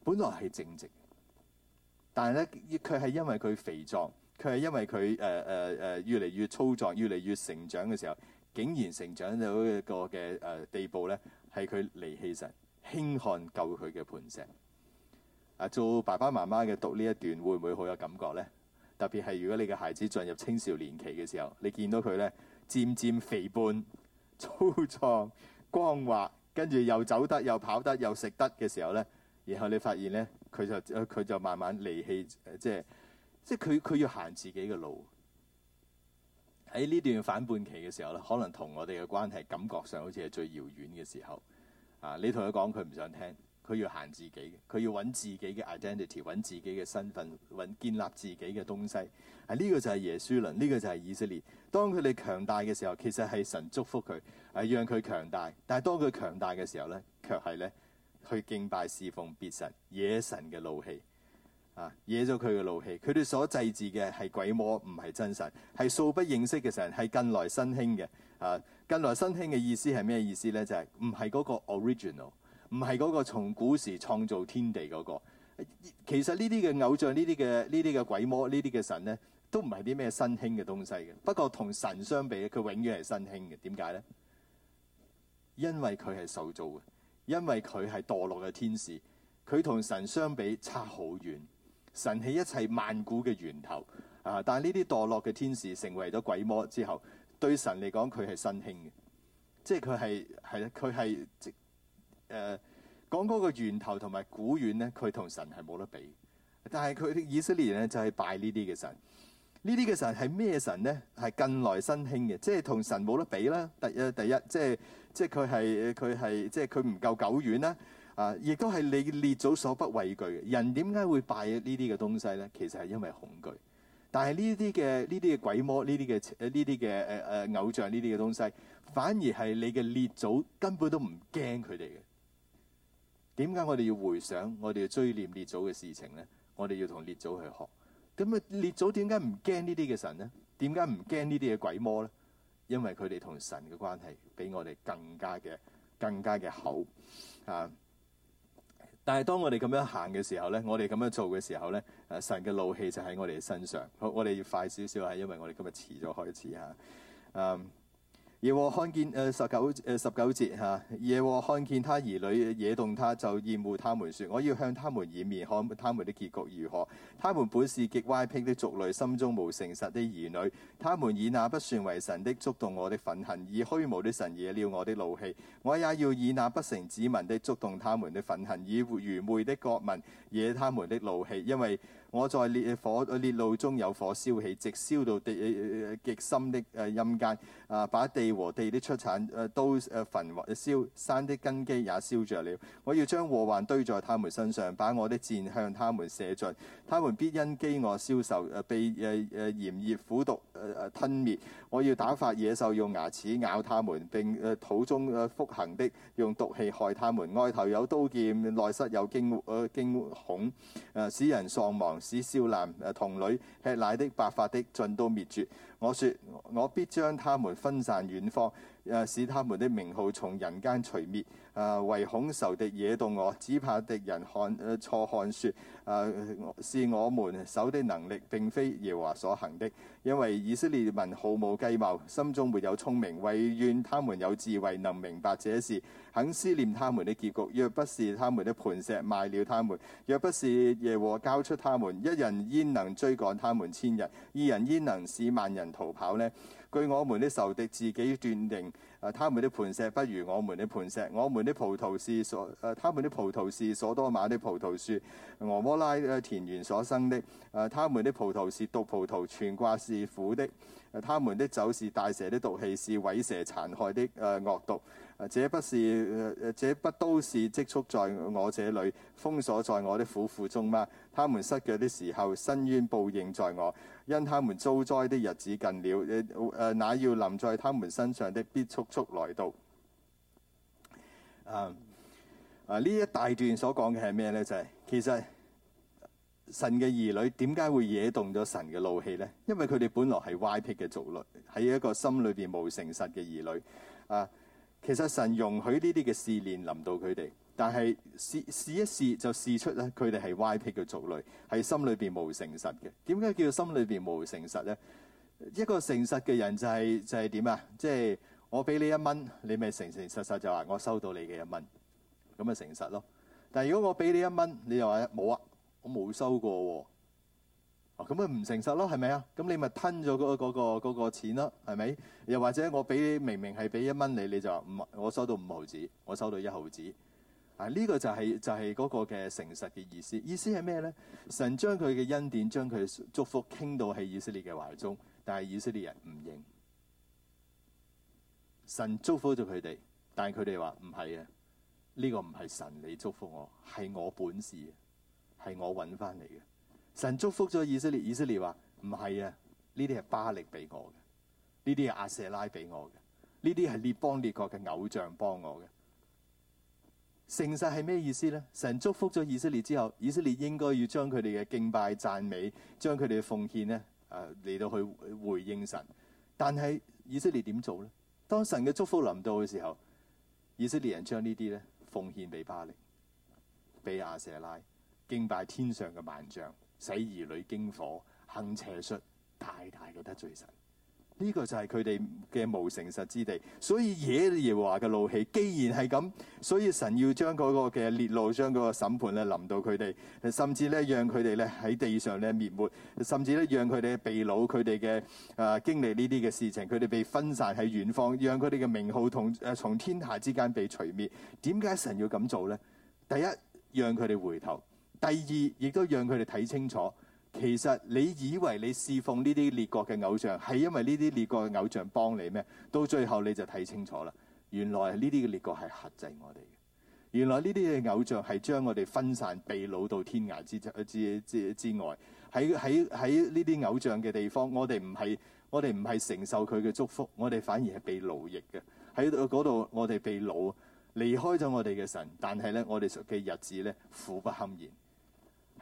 本來係正直。但係咧，佢係因為佢肥壯，佢係因為佢誒誒誒越嚟越粗壯、越嚟越成長嘅時候，竟然成長到一個嘅誒、呃、地步咧，係佢離棄神，輕看救佢嘅磐石。啊，做爸爸媽媽嘅讀呢一段會唔會好有感覺咧？特別係如果你嘅孩子進入青少年期嘅時候，你見到佢咧漸漸肥胖、粗壯、光滑，跟住又走得、又跑得、又食得嘅時候咧，然後你發現咧。佢就佢就慢慢離棄，即係即係佢佢要行自己嘅路。喺呢段反叛期嘅時候咧，可能同我哋嘅關係感覺上好似係最遙遠嘅時候。啊，你同佢講佢唔想聽，佢要行自己，佢要揾自己嘅 identity，揾自己嘅身份，揾建立自己嘅東西。係、啊、呢、這個就係耶書崙，呢、這個就係以色列。當佢哋強大嘅時候，其實係神祝福佢，係、啊、讓佢強大。但係當佢強大嘅時候咧，卻係咧。去敬拜侍奉別神、惹神嘅怒氣，啊，惹咗佢嘅怒氣。佢哋所祭祀嘅係鬼魔，唔係真神，係素不認識嘅神，係近來新興嘅。啊，近來新興嘅意思係咩意思咧？就係唔係嗰個 original，唔係嗰個從古時創造天地嗰個。其實呢啲嘅偶像、呢啲嘅呢啲嘅鬼魔、呢啲嘅神咧，都唔係啲咩新興嘅東西嘅。不過同神相比咧，佢永遠係新興嘅。點解咧？因為佢係受造嘅。因為佢係墮落嘅天使，佢同神相比差好遠。神係一切萬古嘅源頭啊！但係呢啲墮落嘅天使成為咗鬼魔之後，對神嚟講佢係新興嘅，即係佢係係啦，佢係即係誒講嗰個源頭同埋古遠咧，佢同神係冇得比。但係佢以色列咧就係、是、拜呢啲嘅神，神神呢啲嘅神係咩神咧？係近來新興嘅，即係同神冇得比啦。第一，第一即係。即係佢係佢係，即係佢唔夠久遠啦。啊，亦都係你列祖所不畏懼嘅人。點解會拜呢啲嘅東西咧？其實係因為恐懼。但係呢啲嘅呢啲嘅鬼魔，呢啲嘅呢啲嘅誒誒偶像，呢啲嘅東西，反而係你嘅列祖根本都唔驚佢哋嘅。點解我哋要回想我哋要追念列祖嘅事情咧？我哋要同列祖去學。咁啊，列祖點解唔驚呢啲嘅神咧？點解唔驚呢啲嘅鬼魔咧？因為佢哋同神嘅關係比我哋更加嘅更加嘅好啊！但係當我哋咁樣行嘅時候咧，我哋咁樣做嘅時候咧，誒、啊、神嘅怒氣就喺我哋身上。好，我哋要快少少係，因為我哋今日遲咗開始嚇。嗯、啊。耶和看見誒、呃、十九誒、呃、十九節吓，耶、啊、和看見他兒女惹動他，就厭惡他們說：我要向他們掩面，看他們的結局如何。他們本是極歪僻的族類，心中無誠實的兒女。他們以那不算為神的，觸動我的憤恨；以虛無的神惹了我的怒氣。我也要以那不成子民的，觸動他們的憤恨；以愚昧的國民惹他們的怒氣，因為。我在烈火、烈怒中有火燒起，直燒到極深的陰間，把地和地的出產都焚燒，山的根基也燒着了。我要將禍患堆在他們身上，把我的箭向他們射盡，他們必因飢餓消瘦，被炎熱苦毒吞滅，我要打發野獸用牙齒咬他們，並土中復行的用毒氣害他們，外頭有刀劍，內室有驚恐，使人喪亡。使少男誒童女吃奶的、白髮的，盡都滅絕。我說，我必將他們分散遠方。使他們的名號從人間除滅。啊，唯恐仇敵惹到我，只怕敵人看、呃、錯看説，誒、啊、是我們手的能力並非耶和華所行的，因為以色列民毫無計謀，心中沒有聰明，唯願他們有智慧能明白這事，肯思念他們的結局。若不是他們的磐石賣了他們，若不是耶和華交出他們，一人焉能追趕他們千人？二人焉能使萬人逃跑呢？據我們的仇敵自己斷定，誒他們的盤石不如我們的盤石，我們的葡萄是所，他們的葡萄是所多瑪的葡萄樹，俄摩拉嘅田園所生的，誒他們的葡萄是毒葡萄，全掛是苦的，誒他們的酒是大蛇的毒氣，是虺蛇殘害的誒、呃、惡毒。這不是誒誒、呃，這不都是積蓄在我這裏，封鎖在我的府庫中嗎？他們失腳的時候，伸冤報應在我，因他們遭災的日子近了，誒、呃、誒，那、呃、要臨在他們身上的必速速來到啊啊！呢、啊、一大段所講嘅係咩咧？就係、是、其實神嘅兒女點解會惹動咗神嘅怒氣呢？因為佢哋本來係乖僻嘅族類，係一個心裏邊冇誠實嘅兒女啊。其實神容許呢啲嘅試煉臨到佢哋，但係試試一試就試出咧，佢哋係歪僻嘅族類，係心裏邊無誠實嘅。點解叫心裏邊無誠實咧？一個誠實嘅人就係就係點啊？即係我俾你一蚊，你咪誠誠實實就話我收到你嘅一蚊，咁咪誠實咯。但係如果我俾你一蚊，你又話冇啊，我冇收過喎。咁咪唔誠實咯，係咪啊？咁你咪吞咗嗰嗰個嗰、那個那個、錢咯，係咪？又或者我俾你明明係俾一蚊你，你就話唔，我收到五毫子，我收到一毫子。啊，呢、這個就係、是、就係、是、嗰個嘅誠實嘅意思。意思係咩咧？神將佢嘅恩典、將佢祝福傾到喺以色列嘅懷中，但係以色列人唔認。神祝福咗佢哋，但係佢哋話唔係啊，呢、這個唔係神你祝福我，係我本事，係我揾翻嚟嘅。神祝福咗以色列，以色列話唔係啊，呢啲係巴力俾我嘅，呢啲係阿舍拉俾我嘅，呢啲係列邦列國嘅偶像幫我嘅。誠實係咩意思咧？神祝福咗以色列之後，以色列應該要將佢哋嘅敬拜、讚美、將佢哋嘅奉獻咧，啊、呃、嚟到去回應神。但係以色列點做咧？當神嘅祝福臨到嘅時候，以色列人將呢啲咧奉獻俾巴力，俾阿舍拉，敬拜天上嘅萬象。使兒女經火，行邪術，大大嘅得罪神。呢、這個就係佢哋嘅無誠實之地，所以惹耶和華嘅怒氣。既然係咁，所以神要將嗰個嘅烈怒，將嗰個審判咧臨到佢哋，甚至咧讓佢哋咧喺地上咧滅沒，甚至咧讓佢哋被擄佢哋嘅啊經歷呢啲嘅事情，佢哋被分散喺遠方，讓佢哋嘅名號同誒從、呃、天下之間被除滅。點解神要咁做咧？第一，讓佢哋回頭。第二，亦都讓佢哋睇清楚，其實你以為你侍奉呢啲列國嘅偶像係因為呢啲列國嘅偶像幫你咩？到最後你就睇清楚啦，原來呢啲嘅列國係核制我哋嘅，原來呢啲嘅偶像係將我哋分散被擄到天涯之之之之外。喺喺喺呢啲偶像嘅地方，我哋唔係我哋唔係承受佢嘅祝福，我哋反而係被奴役嘅。喺嗰度，我哋被擄離開咗我哋嘅神，但係咧，我哋嘅日子咧苦不堪言。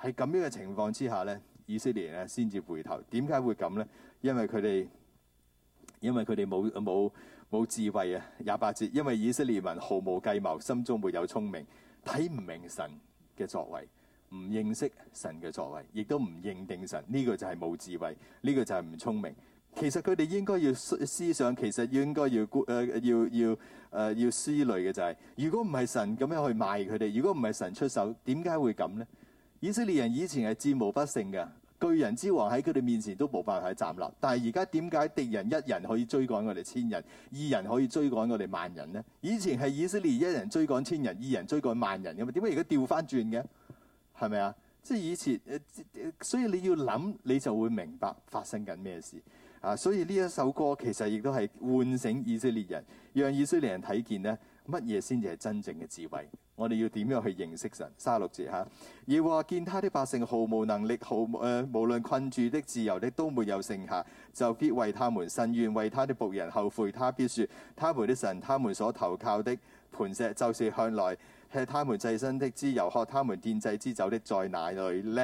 喺咁樣嘅情況之下咧，以色列咧先至回頭。點解會咁咧？因為佢哋因為佢哋冇冇冇智慧啊。廿八節，因為以色列民毫無計謀，心中沒有聰明，睇唔明神嘅作為，唔認識神嘅作為，亦都唔認定神。呢個就係冇智慧，呢個就係唔聰明。其實佢哋應該要思想，其實要應該要誒要要誒要思慮嘅就係，如果唔係神咁樣去賣佢哋，如果唔係神出手，點解會咁咧？以色列人以前係戰無不勝嘅，巨人之王喺佢哋面前都無法站立。但係而家點解敵人一人可以追趕我哋千人，二人可以追趕我哋萬人呢？以前係以色列一人追趕千人，二人追趕萬人嘅嘛，點解而家調翻轉嘅？係咪啊？即係以前，所以你要諗，你就會明白發生緊咩事啊！所以呢一首歌其實亦都係喚醒以色列人，讓以色列人睇見呢。乜嘢先至係真正嘅智慧？我哋要點樣去認識神？卅六節吓，要話見他的百姓毫無能力，毫誒無,、呃、無論困住的、自由的，都沒有剩下，就必為他們伸冤，為他的僕人後悔。他必說，他們的神，他們所投靠的磐石，就是向來吃他們祭牲的脂油，喝他們奠祭之酒的，在哪裡呢？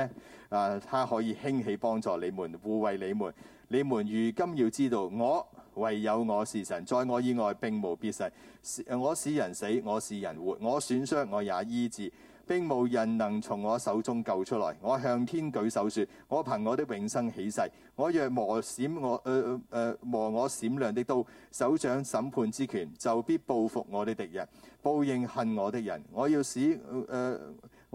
啊、呃，他可以興起幫助你們，護衛你們。你們如今要知道我。唯有我是神，在我以外並無別神。我使人死，我是人活；我損傷，我也醫治。並無人能從我手中救出來。我向天舉手説：我憑我的永生起誓，我若磨閃我誒誒、呃、磨我閃亮的刀，手掌審判之權，就必報復我的敵人，報應恨我的人。我要使誒。呃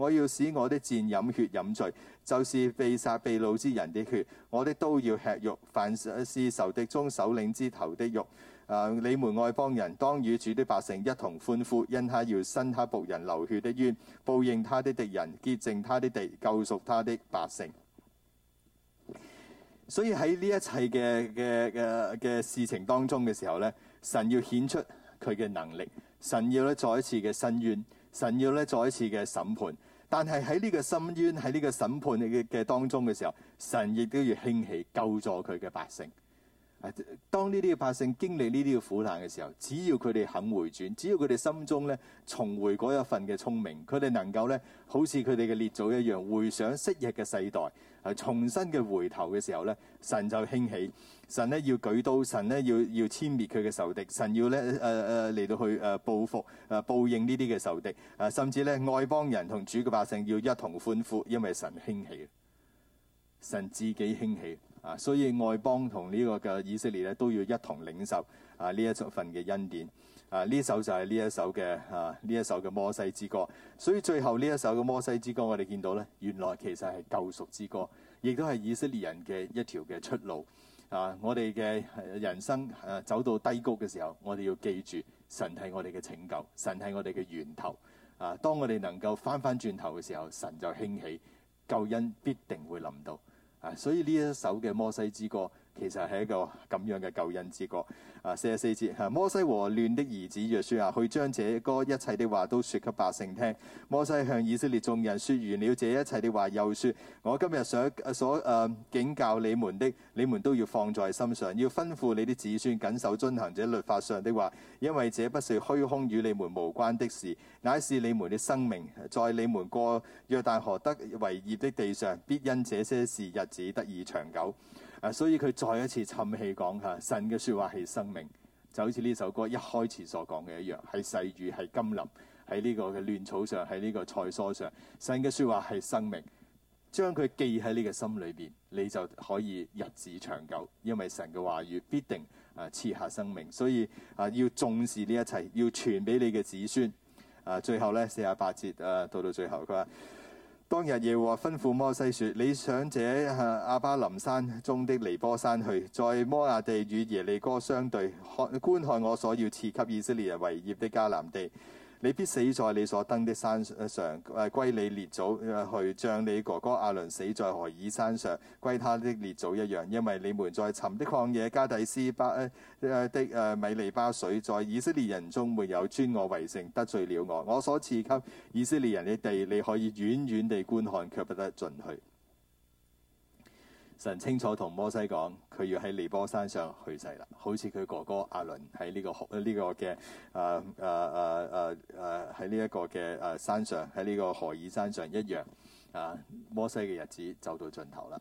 我要使我的箭飲血飲醉，就是被殺被擄之人啲血，我的都要吃肉，凡是仇敵中首領之頭的肉。啊、呃！你們外邦人當與主的百姓一同歡呼，因他要伸他僕人流血的冤，報應他的敵人，潔淨他的地，救贖他的百姓。所以喺呢一切嘅嘅嘅嘅事情當中嘅時候呢，神要顯出佢嘅能力，神要呢再一次嘅伸冤，神要呢再一次嘅審判。但係喺呢個深淵、喺呢個審判嘅嘅當中嘅時候，神亦都要興起救助佢嘅百姓。當呢啲嘅百姓經歷呢啲嘅苦難嘅時候，只要佢哋肯回轉，只要佢哋心中咧重回嗰一份嘅聰明，佢哋能夠咧好似佢哋嘅列祖一樣，回想昔日嘅世代，係重新嘅回頭嘅時候咧，神就興起。神咧要舉刀，神咧要要殲滅佢嘅仇敵，神要咧誒誒嚟到去誒報復誒報應呢啲嘅仇敵啊，甚至咧外邦人同主嘅百姓要一同歡呼，因為神興起，神自己興起啊，所以外邦同呢個嘅以色列咧都要一同領受啊呢一份嘅恩典啊。呢首就係呢一首嘅啊呢一首嘅摩西之歌，所以最後呢一首嘅摩西之歌，我哋見到咧，原來其實係救贖之歌，亦都係以色列人嘅一條嘅出路。啊！我哋嘅人生啊，走到低谷嘅時候，我哋要記住，神係我哋嘅拯救，神係我哋嘅源頭啊！當我哋能夠翻翻轉頭嘅時候，神就興起，救恩必定會臨到。啊！所以呢一首嘅摩西之歌。其實係一個咁樣嘅救恩之國。啊，四十四節，啊、摩西和亂的兒子約書亞，去將這歌一切的話都説給百姓聽。摩西向以色列眾人説完了這一切的話，又説：我今日想所誒、啊啊、警教你們的，你們都要放在心上，要吩咐你啲子孫緊守遵行這律法上的話，因為這不是虛空與你們無關的事，乃是你們的生命，在你們過約旦河得為業的地上，必因這些事日子得以長久。啊！所以佢再一次氹氣講下，神嘅説話係生命，就好似呢首歌一開始所講嘅一樣，係細雨，係甘霖，喺呢個嘅亂草上，喺呢個菜蔬上，神嘅説話係生命，將佢記喺你嘅心裏邊，你就可以日子長久，因為神嘅話語必定啊賜下生命，所以啊要重視呢一切，要傳俾你嘅子孫。啊，最後咧四十八節啊，到到最後佢話。當日耶和華吩咐摩西說：你想這亞巴琳山中的尼波山去，在摩亞地與耶利哥相對，看觀看我所要賜給以色列人為業的迦南地。你必死在你所登的山上，誒歸你列祖去。將你哥哥阿倫死在何以山上，歸他的列祖一樣。因為你們在尋的曠野加低斯巴誒、呃、的誒米利巴水，在以色列人中沒有尊我為聖，得罪了我。我所賜給以色列人的地，你可以遠遠地觀看，卻不得進去。神清楚同摩西講，佢要喺尼波山上去世啦，好似佢哥哥阿倫喺呢個呢個嘅誒誒誒誒誒喺呢一個嘅誒山上喺呢個何珥山上一樣。啊，摩西嘅日子走到盡頭啦。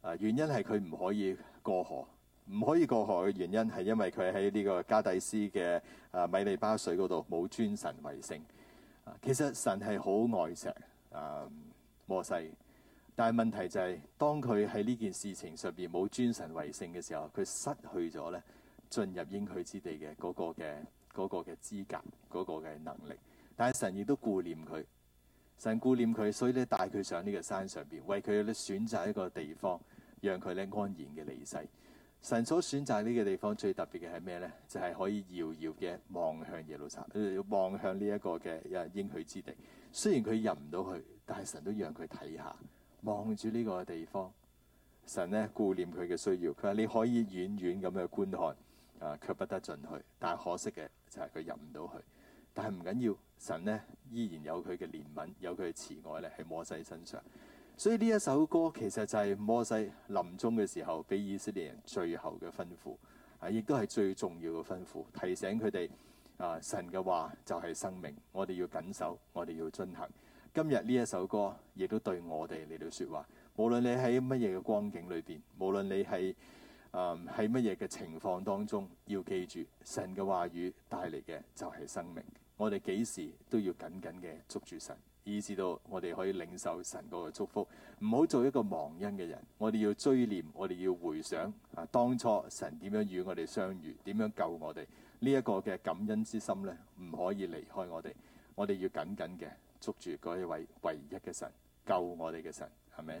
啊，原因係佢唔可以過河，唔可以過河嘅原因係因為佢喺呢個加低斯嘅啊米利巴水嗰度冇尊神為聖。啊，其實神係好愛錫啊摩西。但係問題就係、是，當佢喺呢件事情上邊冇尊神為聖嘅時候，佢失去咗咧進入應許之地嘅嗰個嘅嗰嘅資格，嗰、那個嘅能力。但係神亦都顧念佢，神顧念佢，所以咧帶佢上呢個山上邊，為佢咧選擇一個地方，讓佢咧安然嘅離世。神所選擇呢個地方最特別嘅係咩咧？就係、是、可以遙遙嘅望向耶路撒、呃，望向呢一個嘅啊應許之地。雖然佢入唔到去，但係神都讓佢睇下。望住呢個地方，神咧顧念佢嘅需要，佢話你可以遠遠咁去觀看，啊卻不得進去。但係可惜嘅就係佢入唔到去。但係唔緊要，神咧依然有佢嘅憐憫，有佢嘅慈愛咧喺摩西身上。所以呢一首歌其實就係摩西臨終嘅時候俾以色列人最後嘅吩咐，啊、亦都係最重要嘅吩咐，提醒佢哋啊神嘅話就係生命，我哋要緊守，我哋要進行。今日呢一首歌亦都對我哋嚟到，說話，無論你喺乜嘢嘅光景裏邊，無論你係誒喺乜嘢嘅情況當中，要記住神嘅話語帶嚟嘅就係生命。我哋幾時都要緊緊嘅捉住神，以至到我哋可以領受神嗰個祝福。唔好做一個忘恩嘅人。我哋要追念，我哋要回想啊，當初神點樣與我哋相遇，點樣救我哋呢？呢一個嘅感恩之心咧，唔可以離開我哋。我哋要緊緊嘅。捉住嗰一位唯，唯一嘅神，救我哋嘅神，係咪？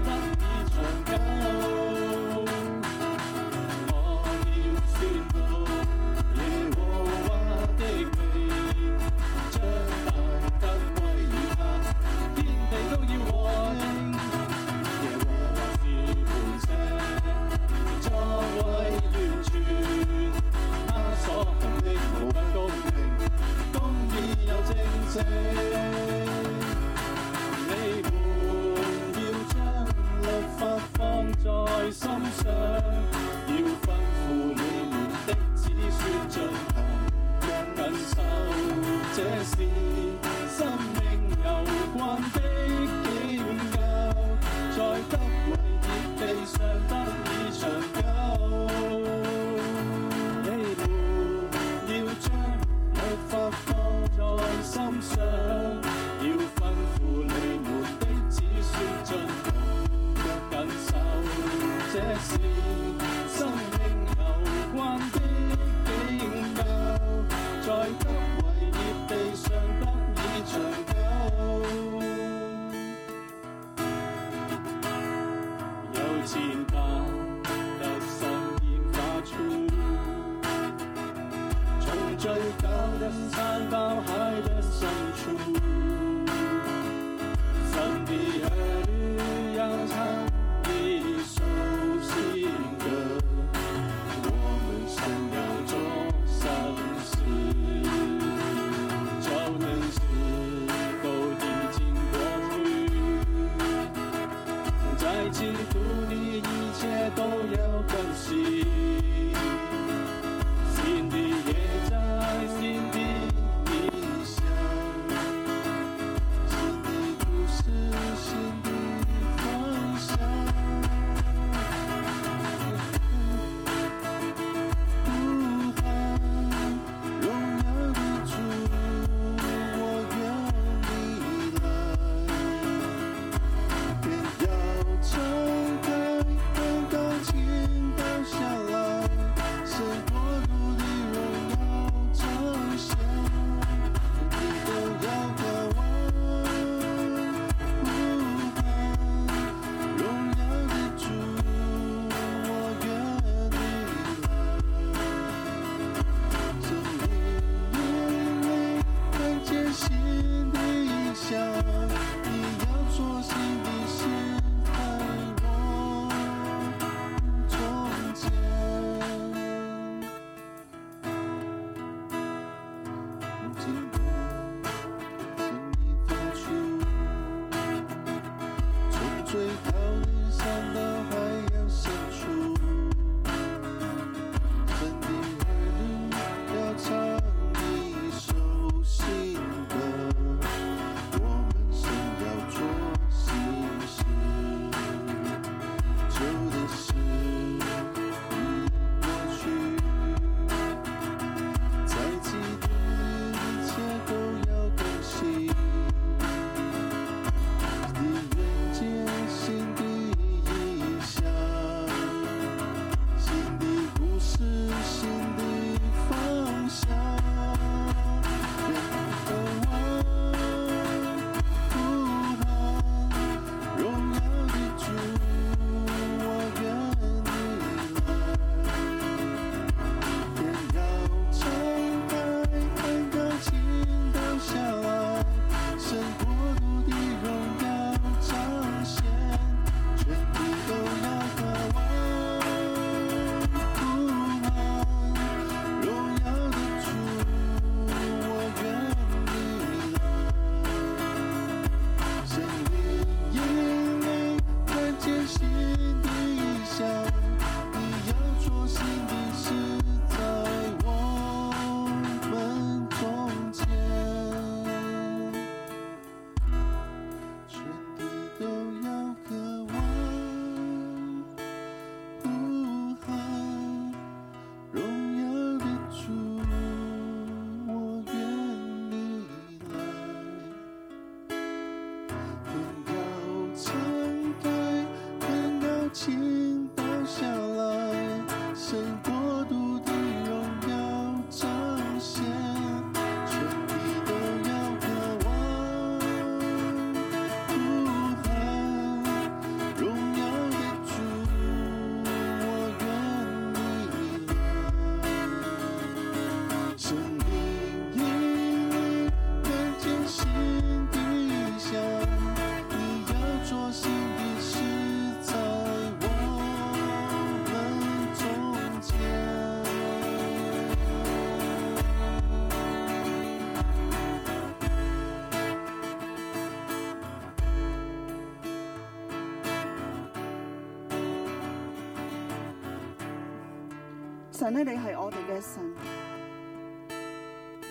神呢，你係我哋嘅神，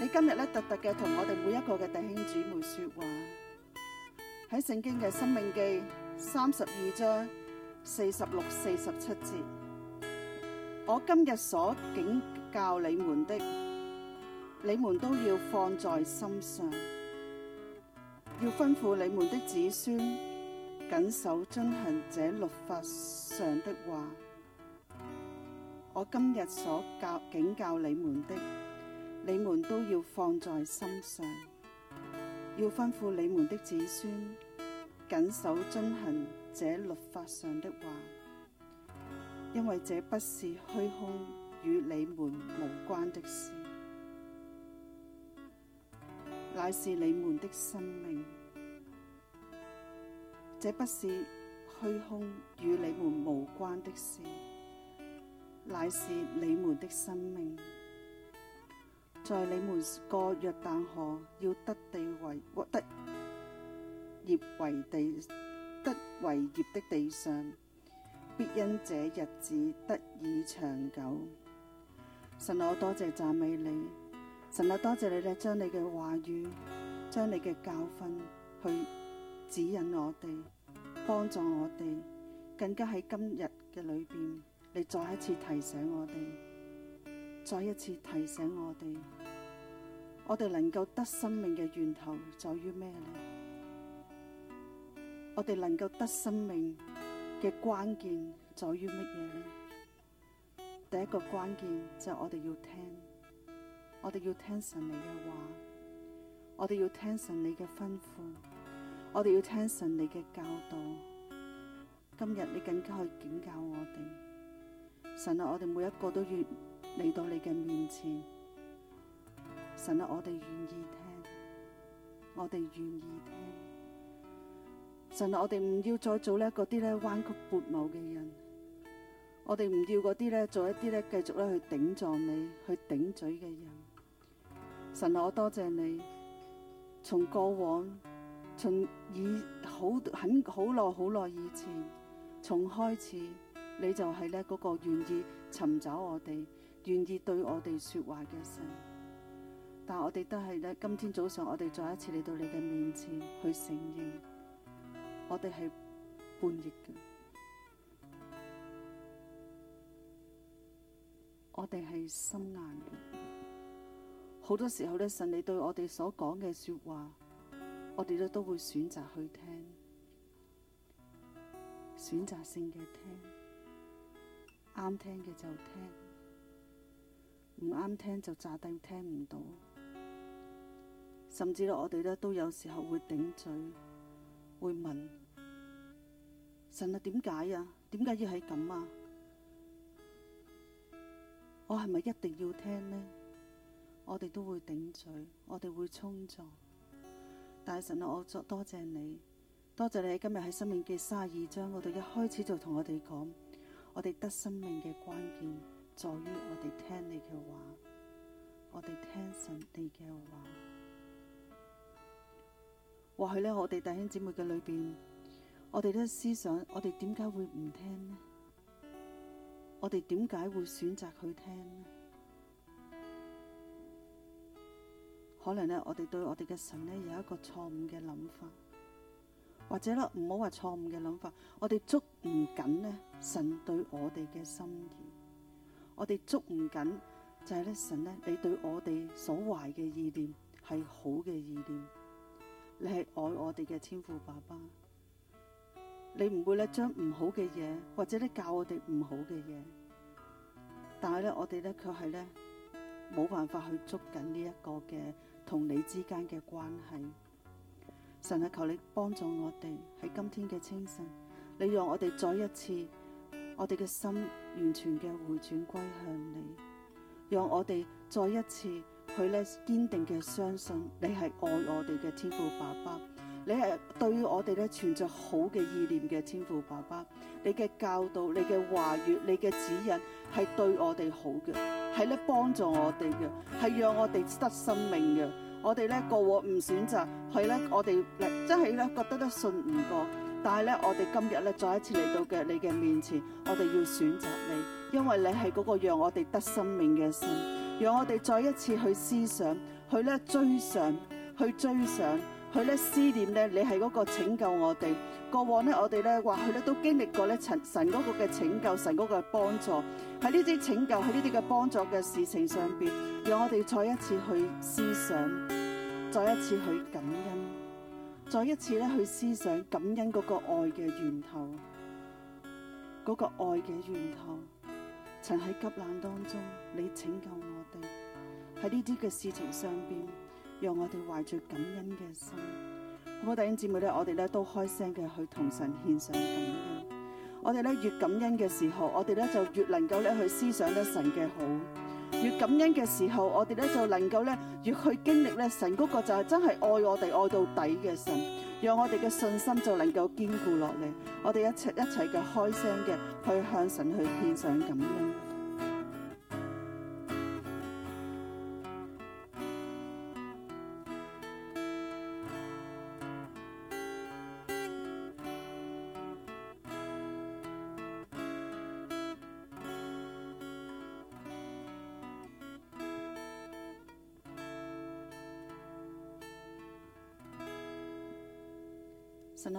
你今日咧特特嘅同我哋每一個嘅弟兄姊妹說話，喺聖經嘅《申命記》三十二章四十六、四十七節，我今日所警告你們的，你們都要放在心上，要吩咐你們的子孫謹守遵行這律法上的話。我今日所教警教你們的，你們都要放在心上，要吩咐你們的子孫謹守遵行這律法上的話，因為這不是虛空與你們無關的事，乃是你們的生命。這不是虛空與你們無關的事。乃是你們的生命，在你們過約旦河，要得地為獲得業為地得為業的地上，必因這日子得以長久。神我多謝讚美你！神我多謝你咧，將你嘅話語、將你嘅教訓去指引我哋，幫助我哋，更加喺今日嘅裏邊。你再一次提醒我哋，再一次提醒我哋，我哋能夠得生命嘅源頭在於咩咧？我哋能夠得生命嘅關鍵在於乜嘢咧？第一個關鍵就係我哋要聽，我哋要聽神你嘅話，我哋要聽神你嘅吩咐，我哋要聽神你嘅教導。今日你更加去檢教我哋。神啊，我哋每一個都願嚟到你嘅面前。神啊，我哋願意聽，我哋願意聽。神啊，我哋唔要再做呢嗰啲咧彎曲悖謬嘅人。我哋唔要嗰啲咧做一啲咧繼續咧去頂撞你、去頂嘴嘅人。神啊，我多謝你，從過往，從以好很好耐好耐以前，從開始。你就係呢嗰個願意尋找我哋、願意對我哋説話嘅神，但我哋都係呢。今天早上我哋再一次嚟到你嘅面前去承認，我哋係叛逆嘅，我哋係心硬嘅，好多時候呢，神你對我哋所講嘅説話，我哋咧都會選擇去聽，選擇性嘅聽。啱聽嘅就聽，唔啱聽就炸定聽唔到，甚至我哋都有時候會頂嘴，會問神啊，點解啊，點解要係咁啊？我係咪一定要聽呢？我哋都會頂嘴，我哋會沖撞，但係神啊，我作多謝你，多謝你今日喺《申命記》卅二章嗰度一開始就同我哋講。我哋得生命嘅關鍵，在於我哋聽你嘅話，我哋聽神你嘅話。或許呢，我哋弟兄姊妹嘅裏邊，我哋嘅思想，我哋點解會唔聽呢？我哋點解會選擇去聽呢？可能呢，我哋對我哋嘅神呢，有一個錯誤嘅諗法。或者啦，唔好話錯誤嘅諗法，我哋捉唔緊咧神對我哋嘅心意，我哋捉唔緊就係、是、咧神咧，你對我哋所懷嘅意念係好嘅意念，你係愛我哋嘅天父爸爸，你唔會咧將唔好嘅嘢，或者咧教我哋唔好嘅嘢，但係咧我哋咧卻係咧冇辦法去捉緊呢一個嘅同你之間嘅關係。神係，求你幫助我哋喺今天嘅清晨，你讓我哋再一次，我哋嘅心完全嘅回轉歸向你，讓我哋再一次佢咧堅定嘅相信你係愛我哋嘅天父爸爸，你係對於我哋咧存着好嘅意念嘅天父爸爸，你嘅教導、你嘅話語、你嘅指引係對我哋好嘅，係咧幫助我哋嘅，係讓我哋得生命嘅。我哋咧過往唔選擇，係咧我哋真係咧覺得都信唔過，但係咧我哋今日咧再一次嚟到嘅你嘅面前，我哋要選擇你，因為你係嗰個讓我哋得生命嘅神，讓我哋再一次去思想，去咧追想，去追想。佢咧思念咧，你係嗰個拯救我哋。過往咧，我哋咧話佢咧都經歷過咧，神神嗰個嘅拯救，神嗰個幫助。喺呢啲拯救，喺呢啲嘅幫助嘅事情上邊，讓我哋再一次去思想，再一次去感恩，再一次咧去思想感恩嗰個愛嘅源頭，嗰個愛嘅源頭。曾喺急難當中，你拯救我哋。喺呢啲嘅事情上邊。讓我哋懷住感恩嘅心，好嘅弟兄姊妹咧，我哋咧都開聲嘅去同神獻上感恩。我哋咧越感恩嘅時候，我哋咧就越能夠咧去思想咧神嘅好。越感恩嘅時候，我哋咧就能夠咧越去經歷咧神嗰個就係真係愛我哋愛到底嘅神。讓我哋嘅信心就能夠堅固落嚟。我哋一齊一齊嘅開聲嘅去向神去獻上感恩。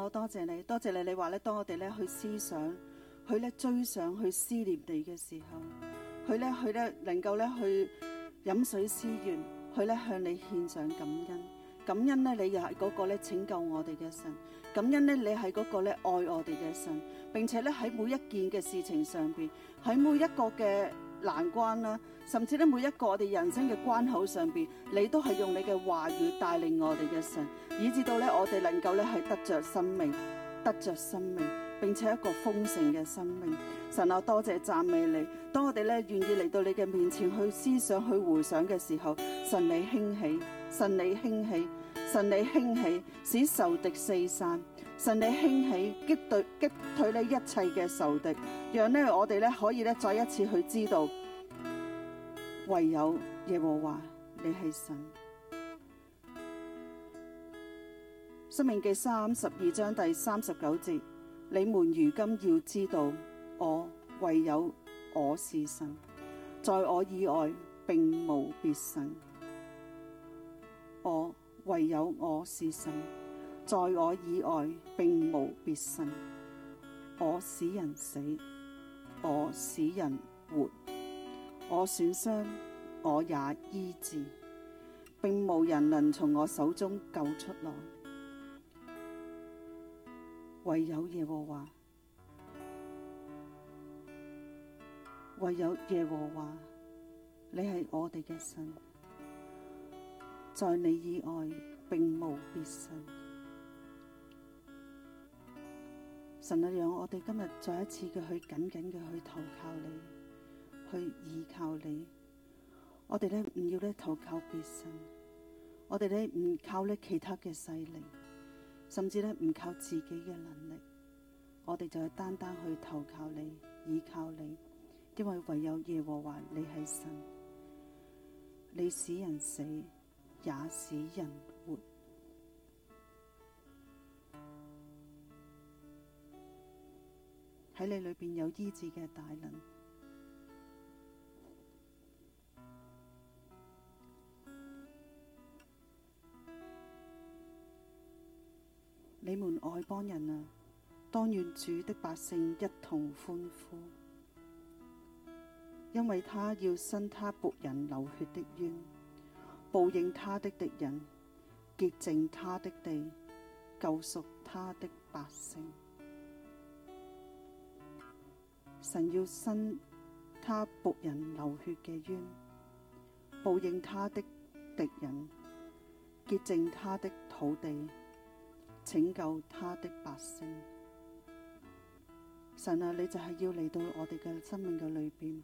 我多謝你，多謝你。你話咧，當我哋咧去思想，去咧追上，去思念你嘅時候，佢咧，佢咧，能夠咧去飲水思源，佢咧向你獻上感恩。感恩咧，你又係嗰個咧拯救我哋嘅神。感恩咧，你係嗰個咧愛我哋嘅神，並且咧喺每一件嘅事情上邊，喺每一個嘅難關啦。甚至咧，每一個我哋人生嘅關口上邊，你都係用你嘅話語帶領我哋嘅神，以至到咧我哋能夠咧係得着生命，得着生命，並且一個豐盛嘅生命。神啊，多謝讚美你！當我哋咧願意嚟到你嘅面前去思想、去回想嘅時候，神，神你興起，神你興起，神你興起，使仇敵四散，神你興起，擊退擊退咧一切嘅仇敵，讓咧我哋咧可以咧再一次去知道。唯有耶和華，你係神。申命記三十二章第三十九節，你們如今要知道，我唯有我是神，在我以外並無別神。我唯有我是神，在我以外並無別神。我使人死，我使人活。我損傷，我也醫治，並無人能從我手中救出來。唯有耶和華，唯有耶和華，你係我哋嘅神，在你以外並無別神。神啊，讓我哋今日再一次嘅去緊緊嘅去投靠你。去依靠你，我哋呢唔要呢投靠別神，我哋呢唔靠呢其他嘅勢力，甚至呢唔靠自己嘅能力，我哋就係單單去投靠你，依靠你，因為唯有耶和華你係神，你使人死也使人活，喺你裏邊有醫治嘅大能。你們外邦人啊，當願主的百姓一同歡呼，因為他要伸他僕人流血的冤，報應他的敵人，潔淨他的地，救贖他的百姓。神要伸他僕人流血嘅冤，報應他的敵人，潔淨他的土地。拯救他的百姓，神啊，你就係要嚟到我哋嘅生命嘅裏邊，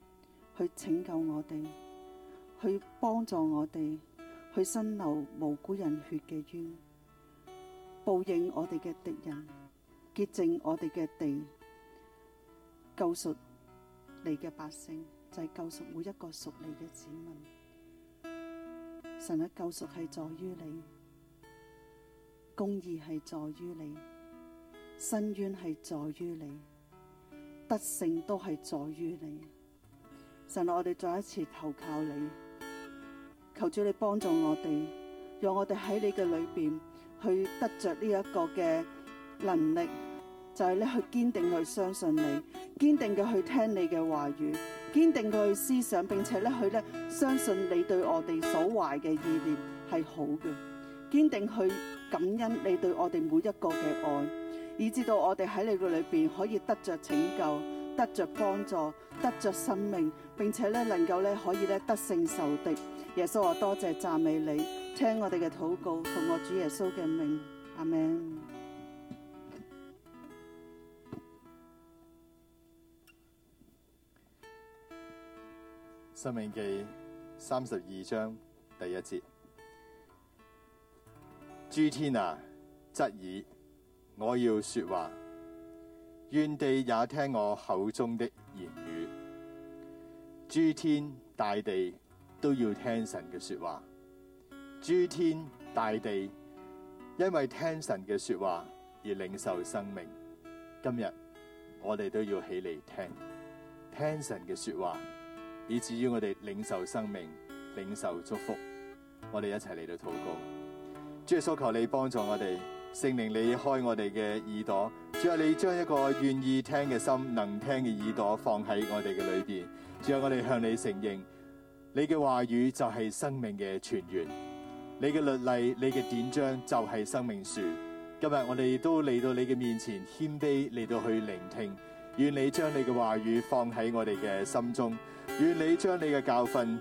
去拯救我哋，去幫助我哋，去伸流無辜人血嘅冤，報應我哋嘅敵人，潔淨我哋嘅地，救贖你嘅百姓，就係救贖每一個屬你嘅子民。神啊，救贖係在於你。公義係在於你，申冤係在於你，德性都係在於你。神啊，我哋再一次投靠你，求主你幫助我哋，讓我哋喺你嘅裏邊去得着呢一個嘅能力，就係、是、咧去堅定去相信你，堅定嘅去聽你嘅話語，堅定嘅去思想，並且咧去咧相信你對我哋所懷嘅意念係好嘅，堅定去。感恩你對我哋每一個嘅愛，以至到我哋喺你嘅裏邊可以得着拯救、得着幫助、得着生命，並且咧能夠咧可以咧得勝受敵。耶穌話：多謝讚美你，聽我哋嘅禱告，同我主耶穌嘅命。阿門。申命記三十二章第一節。諸天啊，側耳我要說話，願地也聽我口中的言語。諸天大地都要聽神嘅說話。諸天大地因為聽神嘅說話而領受生命。今日我哋都要起嚟聽，聽神嘅說話，以至於我哋領受生命、領受祝福。我哋一齊嚟到禱告。主啊，所求你幫助我哋，聖靈你開我哋嘅耳朵，主啊，你將一個願意聽嘅心，能聽嘅耳朵放喺我哋嘅裏邊，主啊，我哋向你承認，你嘅話語就係生命嘅泉源，你嘅律例、你嘅典章就係生命樹。今日我哋都嚟到你嘅面前謙卑嚟到去聆聽，願你將你嘅話語放喺我哋嘅心中，願你將你嘅教訓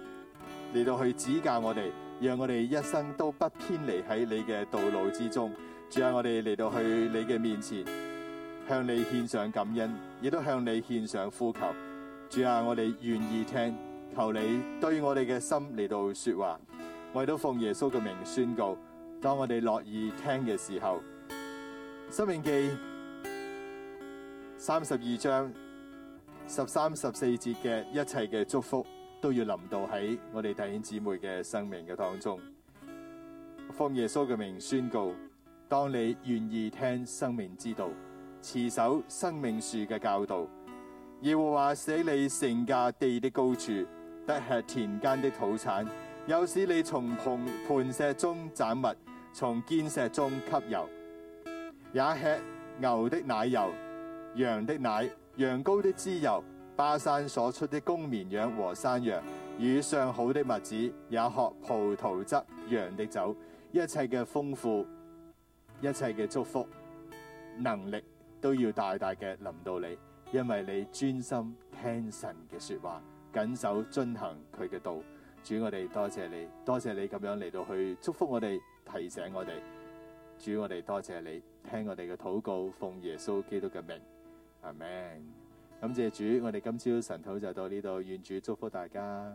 嚟到去指教我哋。讓我哋一生都不偏離喺你嘅道路之中。主啊，我哋嚟到去你嘅面前，向你獻上感恩，亦都向你獻上呼求。主啊，我哋願意聽，求你對我哋嘅心嚟到說話。我亦都奉耶穌嘅名宣告：當我哋樂意聽嘅時候，《申命記》三十二章十三、十四節嘅一切嘅祝福都要臨到喺我哋弟兄姊妹嘅生命嘅當中，奉耶穌嘅名宣告：當你願意聽生命之道，持守生命樹嘅教導，耶和華使你成架地的高處，得吃田間的土產；又使你從蓬磐石中斬物，從堅石中吸油，也吃牛的奶油、羊的奶、羊羔的脂油。巴山所出的公綿羊和山羊，與上好的麥子，也喝葡萄汁釀的酒。一切嘅豐富，一切嘅祝福，能力都要大大嘅臨到你，因為你專心聽神嘅說話，謹守遵行佢嘅道。主我哋多謝你，多謝你咁樣嚟到去祝福我哋，提醒我哋。主我哋多謝你，聽我哋嘅禱告，奉耶穌基督嘅名，阿門。感謝主，我哋今朝晨禱就到呢度，願主祝福大家。